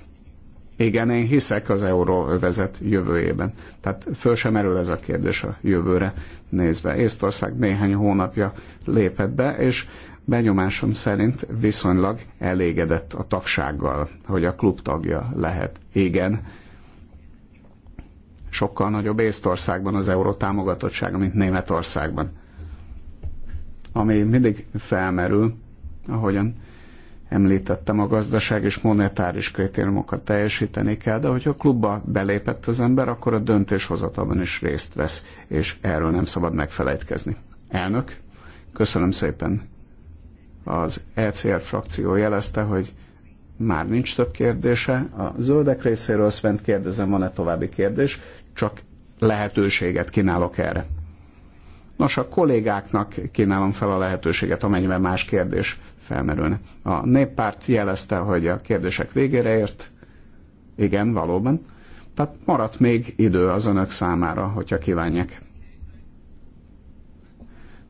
Igen, én hiszek az euróövezet jövőjében. Tehát föl sem merül ez a kérdés a jövőre nézve. Észtország néhány hónapja lépett be, és benyomásom szerint viszonylag elégedett a tagsággal, hogy a klub tagja lehet. Igen, sokkal nagyobb Észtországban az euró támogatottsága, mint Németországban. Ami mindig felmerül, ahogyan említettem, a gazdaság és monetáris kritériumokat teljesíteni kell, de hogyha a klubba belépett az ember, akkor a döntéshozatalban is részt vesz, és erről nem szabad megfelejtkezni. Elnök, köszönöm szépen. Az ECR frakció jelezte, hogy már nincs több kérdése. A zöldek részéről Szent kérdezem, van-e további kérdés, csak lehetőséget kínálok erre. Nos, a kollégáknak kínálom fel a lehetőséget, amennyiben más kérdés felmerülne. A néppárt jelezte, hogy a kérdések végére ért. Igen, valóban. Tehát maradt még idő az önök számára, hogyha kívánják.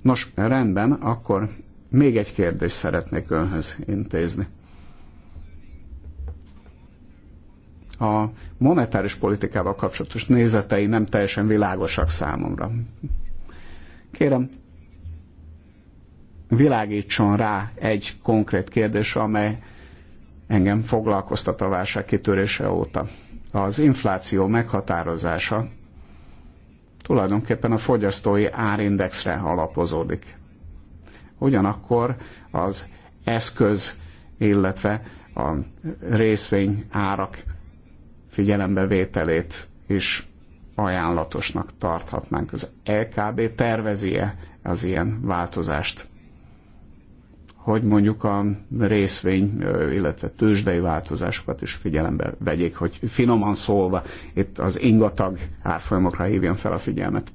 Nos, rendben, akkor még egy kérdést szeretnék önhöz intézni. A monetáris politikával kapcsolatos nézetei nem teljesen világosak számomra. Kérem, világítson rá egy konkrét kérdésre, amely engem foglalkoztat a válság kitörése óta. Az infláció meghatározása tulajdonképpen a fogyasztói árindexre alapozódik. Ugyanakkor az eszköz, illetve a részvény árak vételét is ajánlatosnak tarthatnánk. Az LKB tervezie az ilyen változást? hogy mondjuk a részvény, illetve tőzsdei változásokat is figyelembe vegyék, hogy finoman szólva itt az ingatag árfolyamokra hívjon fel a figyelmet.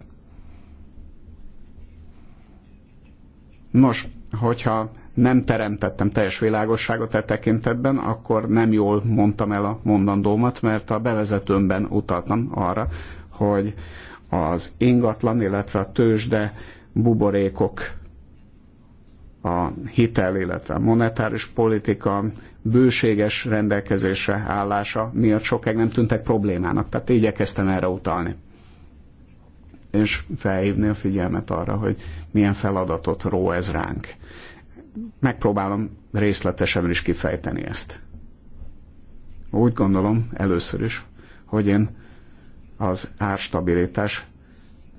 Nos, hogyha nem teremtettem teljes világosságot e tekintetben, akkor nem jól mondtam el a mondandómat, mert a bevezetőmben utaltam arra, hogy az ingatlan, illetve a tőzsde buborékok a hitel, illetve a monetáris politika bőséges rendelkezésre állása miatt sokáig nem tűntek problémának. Tehát igyekeztem erre utalni. És felhívni a figyelmet arra, hogy milyen feladatot ró ez ránk. Megpróbálom részletesen is kifejteni ezt. Úgy gondolom először is, hogy én az árstabilitás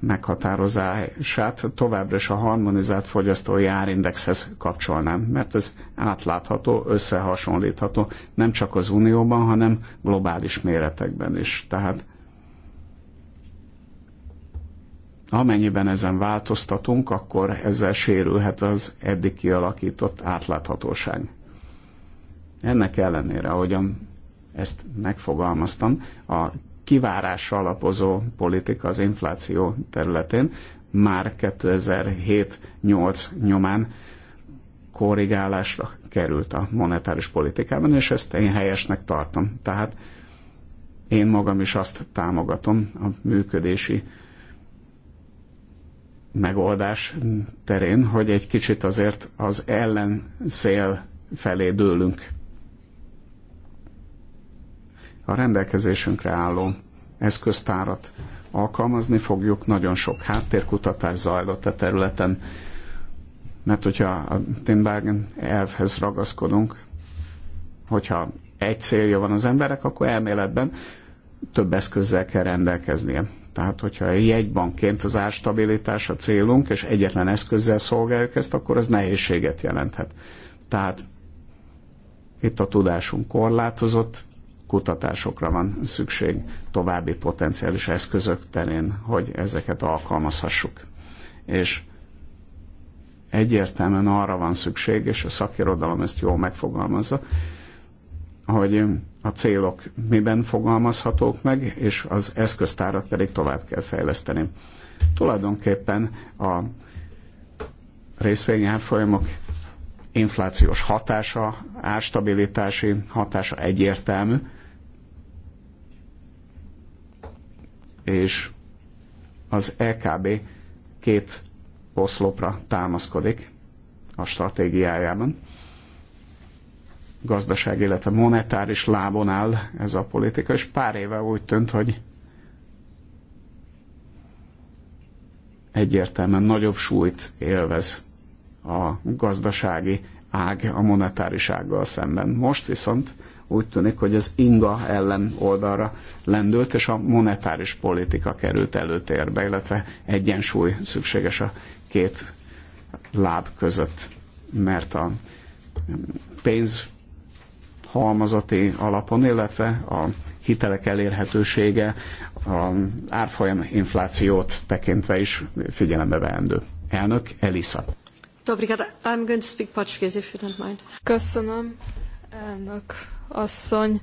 meghatározását továbbra is a harmonizált fogyasztói árindexhez kapcsolnám, mert ez átlátható, összehasonlítható nem csak az Unióban, hanem globális méretekben is. Tehát amennyiben ezen változtatunk, akkor ezzel sérülhet az eddig kialakított átláthatóság. Ennek ellenére, ahogyan ezt megfogalmaztam, a kivárásra alapozó politika az infláció területén már 2007-8 nyomán korrigálásra került a monetáris politikában, és ezt én helyesnek tartom. Tehát én magam is azt támogatom a működési megoldás terén, hogy egy kicsit azért az ellenszél felé dőlünk a rendelkezésünkre álló eszköztárat alkalmazni fogjuk. Nagyon sok háttérkutatás zajlott a területen, mert hogyha a Tinbergen elvhez ragaszkodunk, hogyha egy célja van az emberek, akkor elméletben több eszközzel kell rendelkeznie. Tehát, hogyha egy jegybankként az árstabilitás a célunk, és egyetlen eszközzel szolgáljuk ezt, akkor az nehézséget jelenthet. Tehát itt a tudásunk korlátozott, kutatásokra van szükség további potenciális eszközök terén, hogy ezeket alkalmazhassuk. És egyértelműen arra van szükség, és a szakirodalom ezt jól megfogalmazza, hogy a célok miben fogalmazhatók meg, és az eszköztárat pedig tovább kell fejleszteni. Tulajdonképpen a részvényárfolyamok inflációs hatása, ástabilitási hatása egyértelmű, és az LKB e két oszlopra támaszkodik a stratégiájában. Gazdaság, illetve monetáris lábon áll ez a politika, és pár éve úgy tűnt, hogy egyértelműen nagyobb súlyt élvez a gazdasági ág a monetáris ággal szemben. Most viszont úgy tűnik, hogy az inga ellen oldalra lendült, és a monetáris politika került előtérbe, illetve egyensúly szükséges a két láb között, mert a pénz halmazati alapon, illetve a hitelek elérhetősége a árfolyam inflációt tekintve is figyelembe veendő. Elnök Elisa. Köszönöm. Elnök asszony,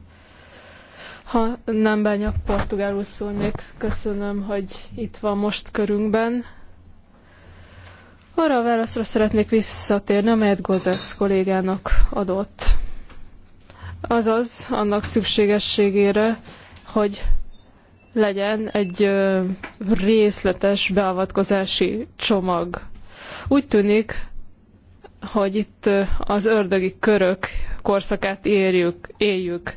ha nem bánja, portugálul szólnék. Köszönöm, hogy itt van most körünkben. Arra a válaszra szeretnék visszatérni, amelyet Gozesz kollégának adott. Azaz annak szükségességére, hogy legyen egy részletes beavatkozási csomag. Úgy tűnik, hogy itt az ördögi körök korszakát érjük, éljük.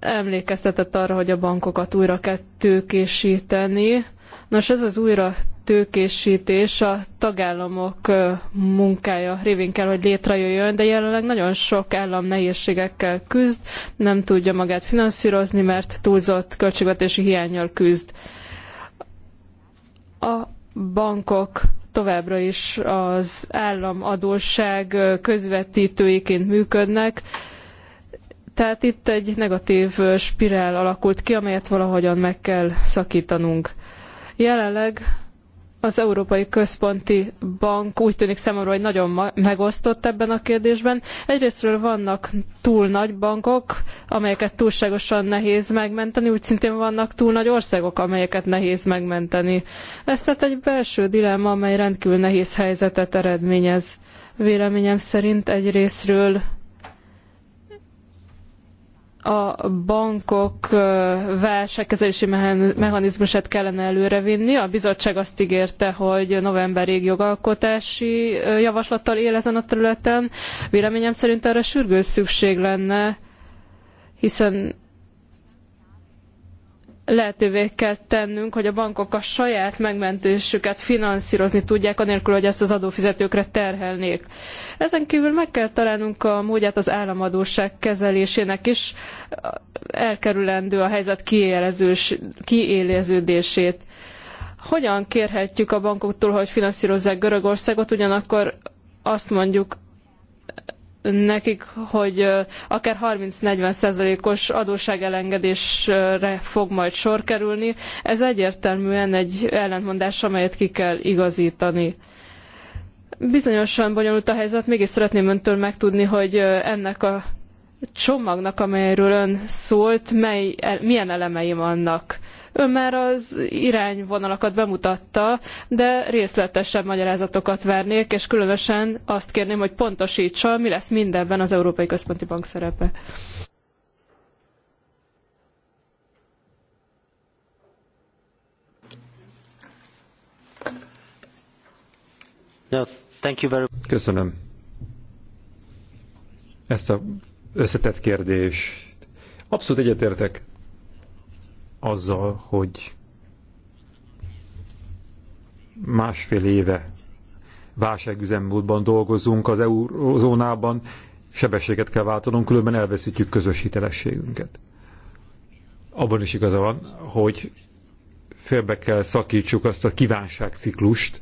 Emlékeztetett arra, hogy a bankokat újra kell tőkésíteni. Nos, ez az újra tőkésítés a tagállamok munkája révén kell, hogy létrejöjjön, de jelenleg nagyon sok állam nehézségekkel küzd, nem tudja magát finanszírozni, mert túlzott költségvetési hiányjal küzd. A bankok továbbra is az államadóság közvetítőiként működnek. Tehát itt egy negatív spirál alakult ki, amelyet valahogyan meg kell szakítanunk. Jelenleg az Európai Központi Bank úgy tűnik számomra, hogy nagyon megosztott ebben a kérdésben. Egyrésztről vannak túl nagy bankok, amelyeket túlságosan nehéz megmenteni, úgy szintén vannak túl nagy országok, amelyeket nehéz megmenteni. Ez tehát egy belső dilemma, amely rendkívül nehéz helyzetet eredményez. Véleményem szerint részről a bankok válságkezelési mechanizmusát kellene előrevinni. A bizottság azt ígérte, hogy novemberig jogalkotási javaslattal él ezen a területen. Véleményem szerint erre sürgős szükség lenne, hiszen lehetővé kell tennünk, hogy a bankok a saját megmentésüket finanszírozni tudják, anélkül, hogy ezt az adófizetőkre terhelnék. Ezen kívül meg kell találnunk a módját az államadóság kezelésének is, elkerülendő a helyzet kiéleződését. Hogyan kérhetjük a bankoktól, hogy finanszírozzák Görögországot, ugyanakkor azt mondjuk nekik, hogy akár 30-40 százalékos adósságelengedésre fog majd sor kerülni. Ez egyértelműen egy ellentmondás, amelyet ki kell igazítani. Bizonyosan bonyolult a helyzet, mégis szeretném öntől megtudni, hogy ennek a csomagnak, amelyről ön szólt, mely, milyen elemei vannak? Ön már az irányvonalakat bemutatta, de részletesebb magyarázatokat várnék, és különösen azt kérném, hogy pontosítsa, mi lesz mindenben az Európai Központi Bank szerepe. No, thank you very... Köszönöm. Ezt a összetett kérdés. Abszolút egyetértek azzal, hogy másfél éve válságüzemmódban dolgozunk az eurózónában, sebességet kell váltanunk, különben elveszítjük közös hitelességünket. Abban is igaza van, hogy félbe kell szakítsuk azt a kívánságciklust,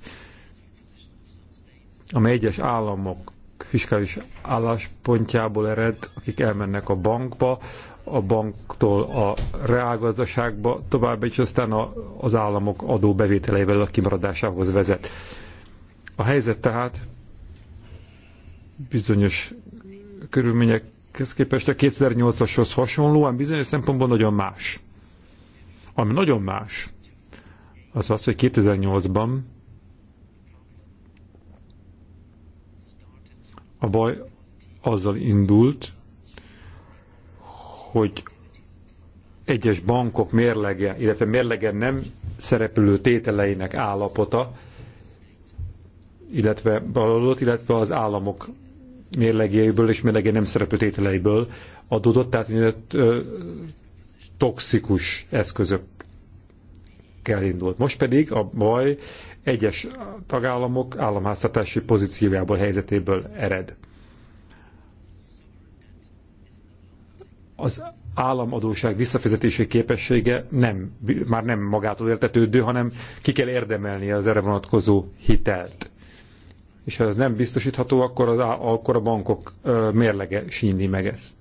amely egyes államok fiskális álláspontjából ered, akik elmennek a bankba, a banktól a reálgazdaságba tovább, és aztán a, az államok adó bevételeivel a kimaradásához vezet. A helyzet tehát bizonyos körülményekhez képest a 2008-ashoz hasonlóan bizonyos szempontból nagyon más. Ami nagyon más, az az, hogy 2008-ban A baj azzal indult, hogy egyes bankok mérlege, illetve mérlegen nem szereplő tételeinek állapota, illetve valódott illetve az államok mérlegéből és mérlege nem szereplő tételeiből adódott, tehát mindent, ö, toxikus kell indult. Most pedig a baj egyes tagállamok államháztartási pozíciójából, helyzetéből ered. Az államadóság visszafizetési képessége nem, már nem magától értetődő, hanem ki kell érdemelni az erre vonatkozó hitelt. És ha ez nem biztosítható, akkor, az, akkor a bankok mérlege sínni meg ezt.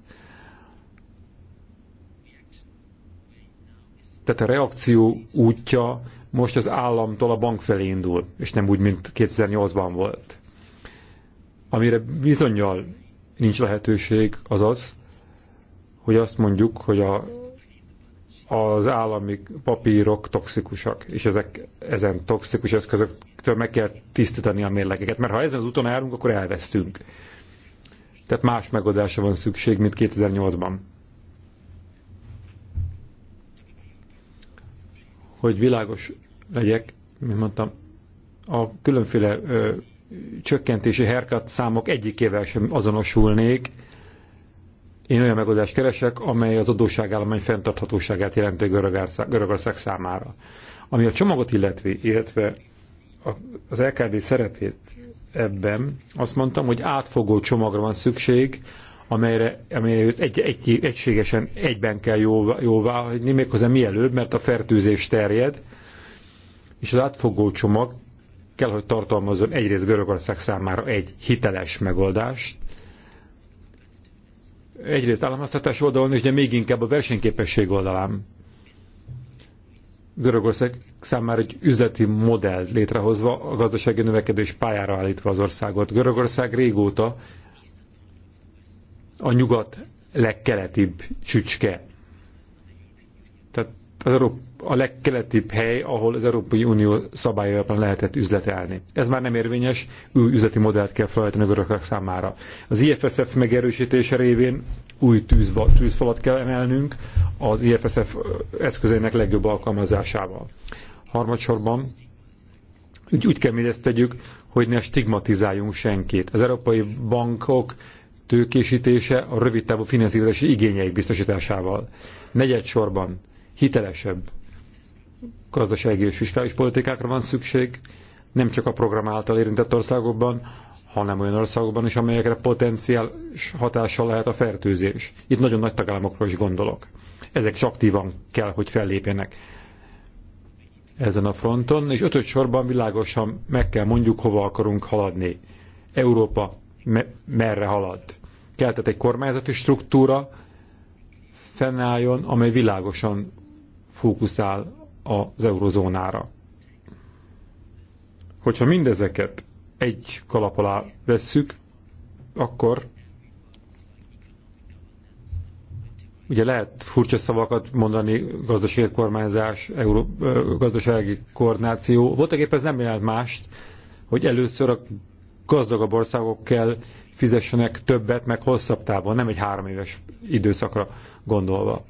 Tehát a reakció útja most az államtól a bank felé indul, és nem úgy, mint 2008-ban volt. Amire bizonyal nincs lehetőség, az az, hogy azt mondjuk, hogy a, az állami papírok toxikusak, és ezek, ezen toxikus eszközöktől meg kell tisztítani a mérlegeket, mert ha ezen az úton járunk, akkor elvesztünk. Tehát más megoldásra van szükség, mint 2008-ban. Hogy világos legyek, mint mondtam, a különféle ö, csökkentési herkat számok egyikével sem azonosulnék. Én olyan megoldást keresek, amely az adósságállomány fenntarthatóságát jelenti Görögország, Görögország számára. Ami a csomagot illetve illetve az LKB szerepét ebben, azt mondtam, hogy átfogó csomagra van szükség, amelyre, amelyre egy, egy, egységesen egyben kell jóvá, jóvá hagyni, méghozzá mielőbb, mert a fertőzés terjed, és az átfogó csomag kell, hogy tartalmazzon egyrészt Görögország számára egy hiteles megoldást, egyrészt államháztatás oldalon és de még inkább a versenyképesség oldalán. Görögország számára egy üzleti modell létrehozva, a gazdasági növekedés pályára állítva az országot. Görögország régóta a nyugat legkeletibb csücske. Tehát az Európa, a legkeletibb hely, ahol az Európai Unió szabályában lehetett üzletelni. Ez már nem érvényes, új üzleti modellt kell felállítani a görögök számára. Az IFSF megerősítése révén új tűzva, tűzfalat kell emelnünk az IFSF eszközének legjobb alkalmazásával. Harmadsorban úgy, úgy kell mindezt tegyük, hogy ne stigmatizáljunk senkit. Az európai bankok tőkésítése a rövid távú finanszírozási igényeik biztosításával. Negyed sorban hitelesebb gazdasági és fiskális politikákra van szükség, nem csak a program által érintett országokban, hanem olyan országokban is, amelyekre potenciális hatással lehet a fertőzés. Itt nagyon nagy tagállamokról is gondolok. Ezek is aktívan kell, hogy fellépjenek ezen a fronton, és ötöd sorban világosan meg kell mondjuk, hova akarunk haladni. Európa me- merre halad. Kell tehát egy kormányzati struktúra fennálljon, amely világosan fókuszál az eurozónára. Hogyha mindezeket egy kalap alá vesszük, akkor ugye lehet furcsa szavakat mondani, gazdasági kormányzás, euró, gazdasági koordináció. Voltak éppen ez nem jelent mást, hogy először a gazdagabb országok kell fizessenek többet, meg hosszabb távon, nem egy három éves időszakra gondolva.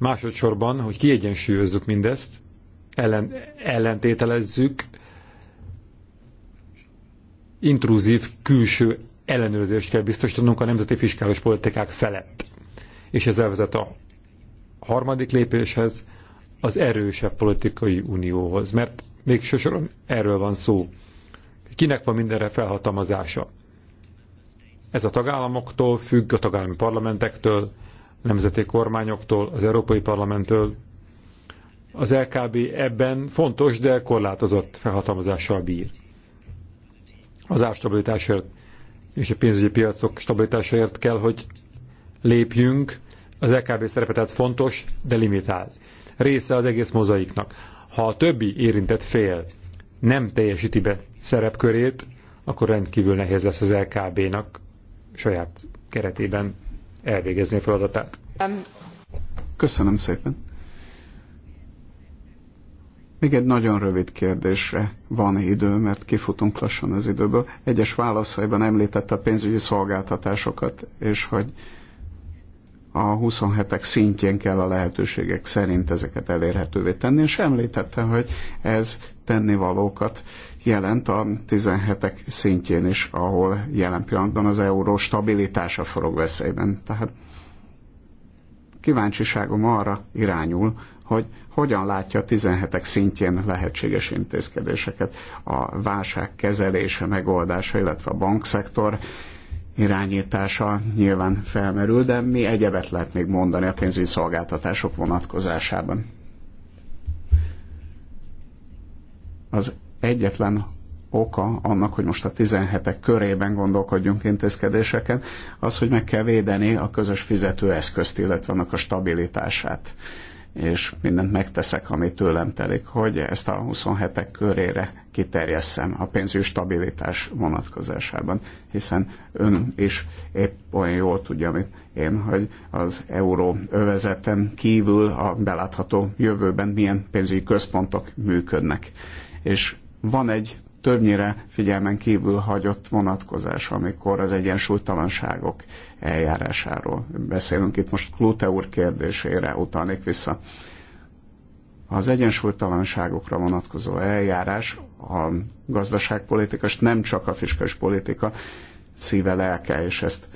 Másodszorban, hogy kiegyensúlyozzuk mindezt, ellen, ellentételezzük, intrúzív külső ellenőrzést kell biztosítanunk a nemzeti fiskális politikák felett. És ez elvezet a harmadik lépéshez, az erősebb politikai unióhoz, mert még soron erről van szó. Kinek van mindenre felhatalmazása? Ez a tagállamoktól függ, a tagállami parlamentektől, nemzeti kormányoktól, az Európai Parlamenttől. Az LKB ebben fontos, de korlátozott felhatalmazással bír. Az árstabilitásért és a pénzügyi piacok stabilitásáért kell, hogy lépjünk. Az LKB szerepe tehát fontos, de limitált. Része az egész mozaiknak. Ha a többi érintett fél nem teljesíti be szerepkörét, akkor rendkívül nehéz lesz az LKB-nak saját keretében elvégezni a feladatát. Köszönöm szépen. Még egy nagyon rövid kérdésre van idő, mert kifutunk lassan az időből. Egyes válaszaiban említette a pénzügyi szolgáltatásokat, és hogy a 27-ek szintjén kell a lehetőségek szerint ezeket elérhetővé tenni, és említette, hogy ez tennivalókat jelent a 17-ek szintjén is, ahol jelen pillanatban az euró stabilitása forog veszélyben. Tehát kíváncsiságom arra irányul, hogy hogyan látja a 17-ek szintjén lehetséges intézkedéseket a válság kezelése, megoldása, illetve a bankszektor irányítása nyilván felmerül, de mi egyebet lehet még mondani a pénzügyi szolgáltatások vonatkozásában. Az egyetlen oka annak, hogy most a 17-ek körében gondolkodjunk intézkedéseken, az, hogy meg kell védeni a közös fizetőeszközt, illetve annak a stabilitását és mindent megteszek, ami tőlem telik, hogy ezt a 27-ek körére kiterjesszem a pénzügyi stabilitás vonatkozásában, hiszen ön is épp olyan jól tudja, mint én, hogy az euró övezeten kívül a belátható jövőben milyen pénzügyi központok működnek. És van egy többnyire figyelmen kívül hagyott vonatkozás, amikor az egyensúlytalanságok eljárásáról beszélünk. Itt most Klute úr kérdésére utalnék vissza. Az egyensúlytalanságokra vonatkozó eljárás a gazdaságpolitikas, nem csak a fiskális politika szíve lelke, és ezt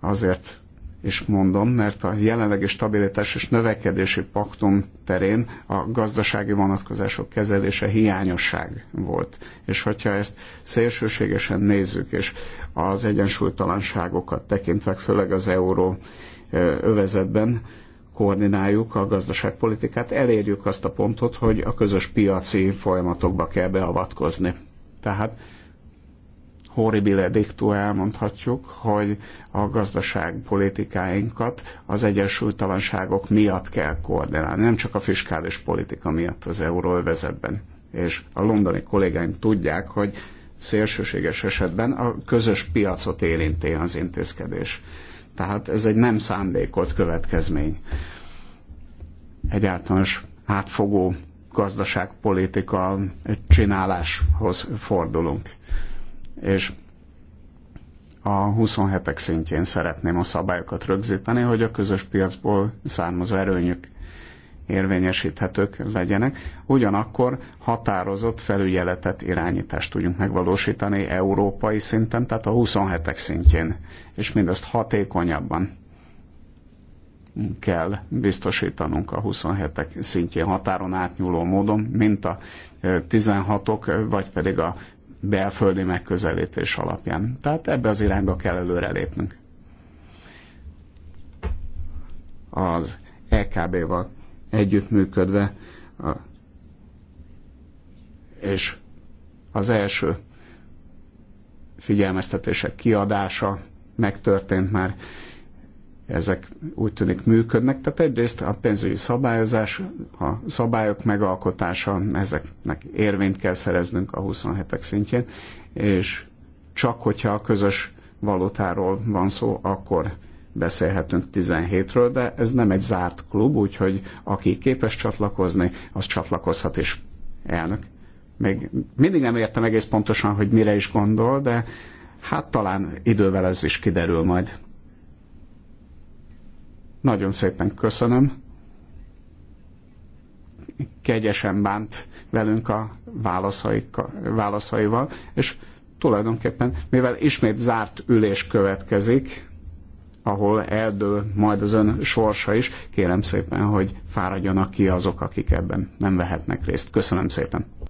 azért is mondom, mert a jelenlegi stabilitás és növekedési paktum terén a gazdasági vonatkozások kezelése hiányosság volt. És hogyha ezt szélsőségesen nézzük, és az egyensúlytalanságokat tekintve, főleg az euró övezetben, koordináljuk a gazdaságpolitikát, elérjük azt a pontot, hogy a közös piaci folyamatokba kell beavatkozni. Tehát horribile dictu elmondhatjuk, hogy a gazdaságpolitikáinkat az egyensúlytalanságok miatt kell koordinálni, nem csak a fiskális politika miatt az euróövezetben. És a londoni kollégáim tudják, hogy szélsőséges esetben a közös piacot érinti az intézkedés. Tehát ez egy nem szándékolt következmény. Egy általános átfogó gazdaságpolitika csináláshoz fordulunk és a 27-ek szintjén szeretném a szabályokat rögzíteni, hogy a közös piacból származó erőnyük érvényesíthetők legyenek. Ugyanakkor határozott felügyeletet, irányítást tudjunk megvalósítani európai szinten, tehát a 27-ek szintjén, és mindezt hatékonyabban kell biztosítanunk a 27-ek szintjén határon átnyúló módon, mint a 16 -ok, vagy pedig a belföldi megközelítés alapján. Tehát ebbe az irányba kell előrelépnünk. Az EKB-val együttműködve a, és az első figyelmeztetések kiadása megtörtént már, ezek úgy tűnik működnek. Tehát egyrészt a pénzügyi szabályozás, a szabályok megalkotása, ezeknek érvényt kell szereznünk a 27-ek szintjén, és csak hogyha a közös valutáról van szó, akkor beszélhetünk 17-ről, de ez nem egy zárt klub, úgyhogy aki képes csatlakozni, az csatlakozhat is. Elnök. Még mindig nem értem egész pontosan, hogy mire is gondol, de hát talán idővel ez is kiderül majd. Nagyon szépen köszönöm. Kegyesen bánt velünk a válaszaival, és tulajdonképpen, mivel ismét zárt ülés következik, ahol eldől majd az ön sorsa is, kérem szépen, hogy fáradjanak ki azok, akik ebben nem vehetnek részt. Köszönöm szépen!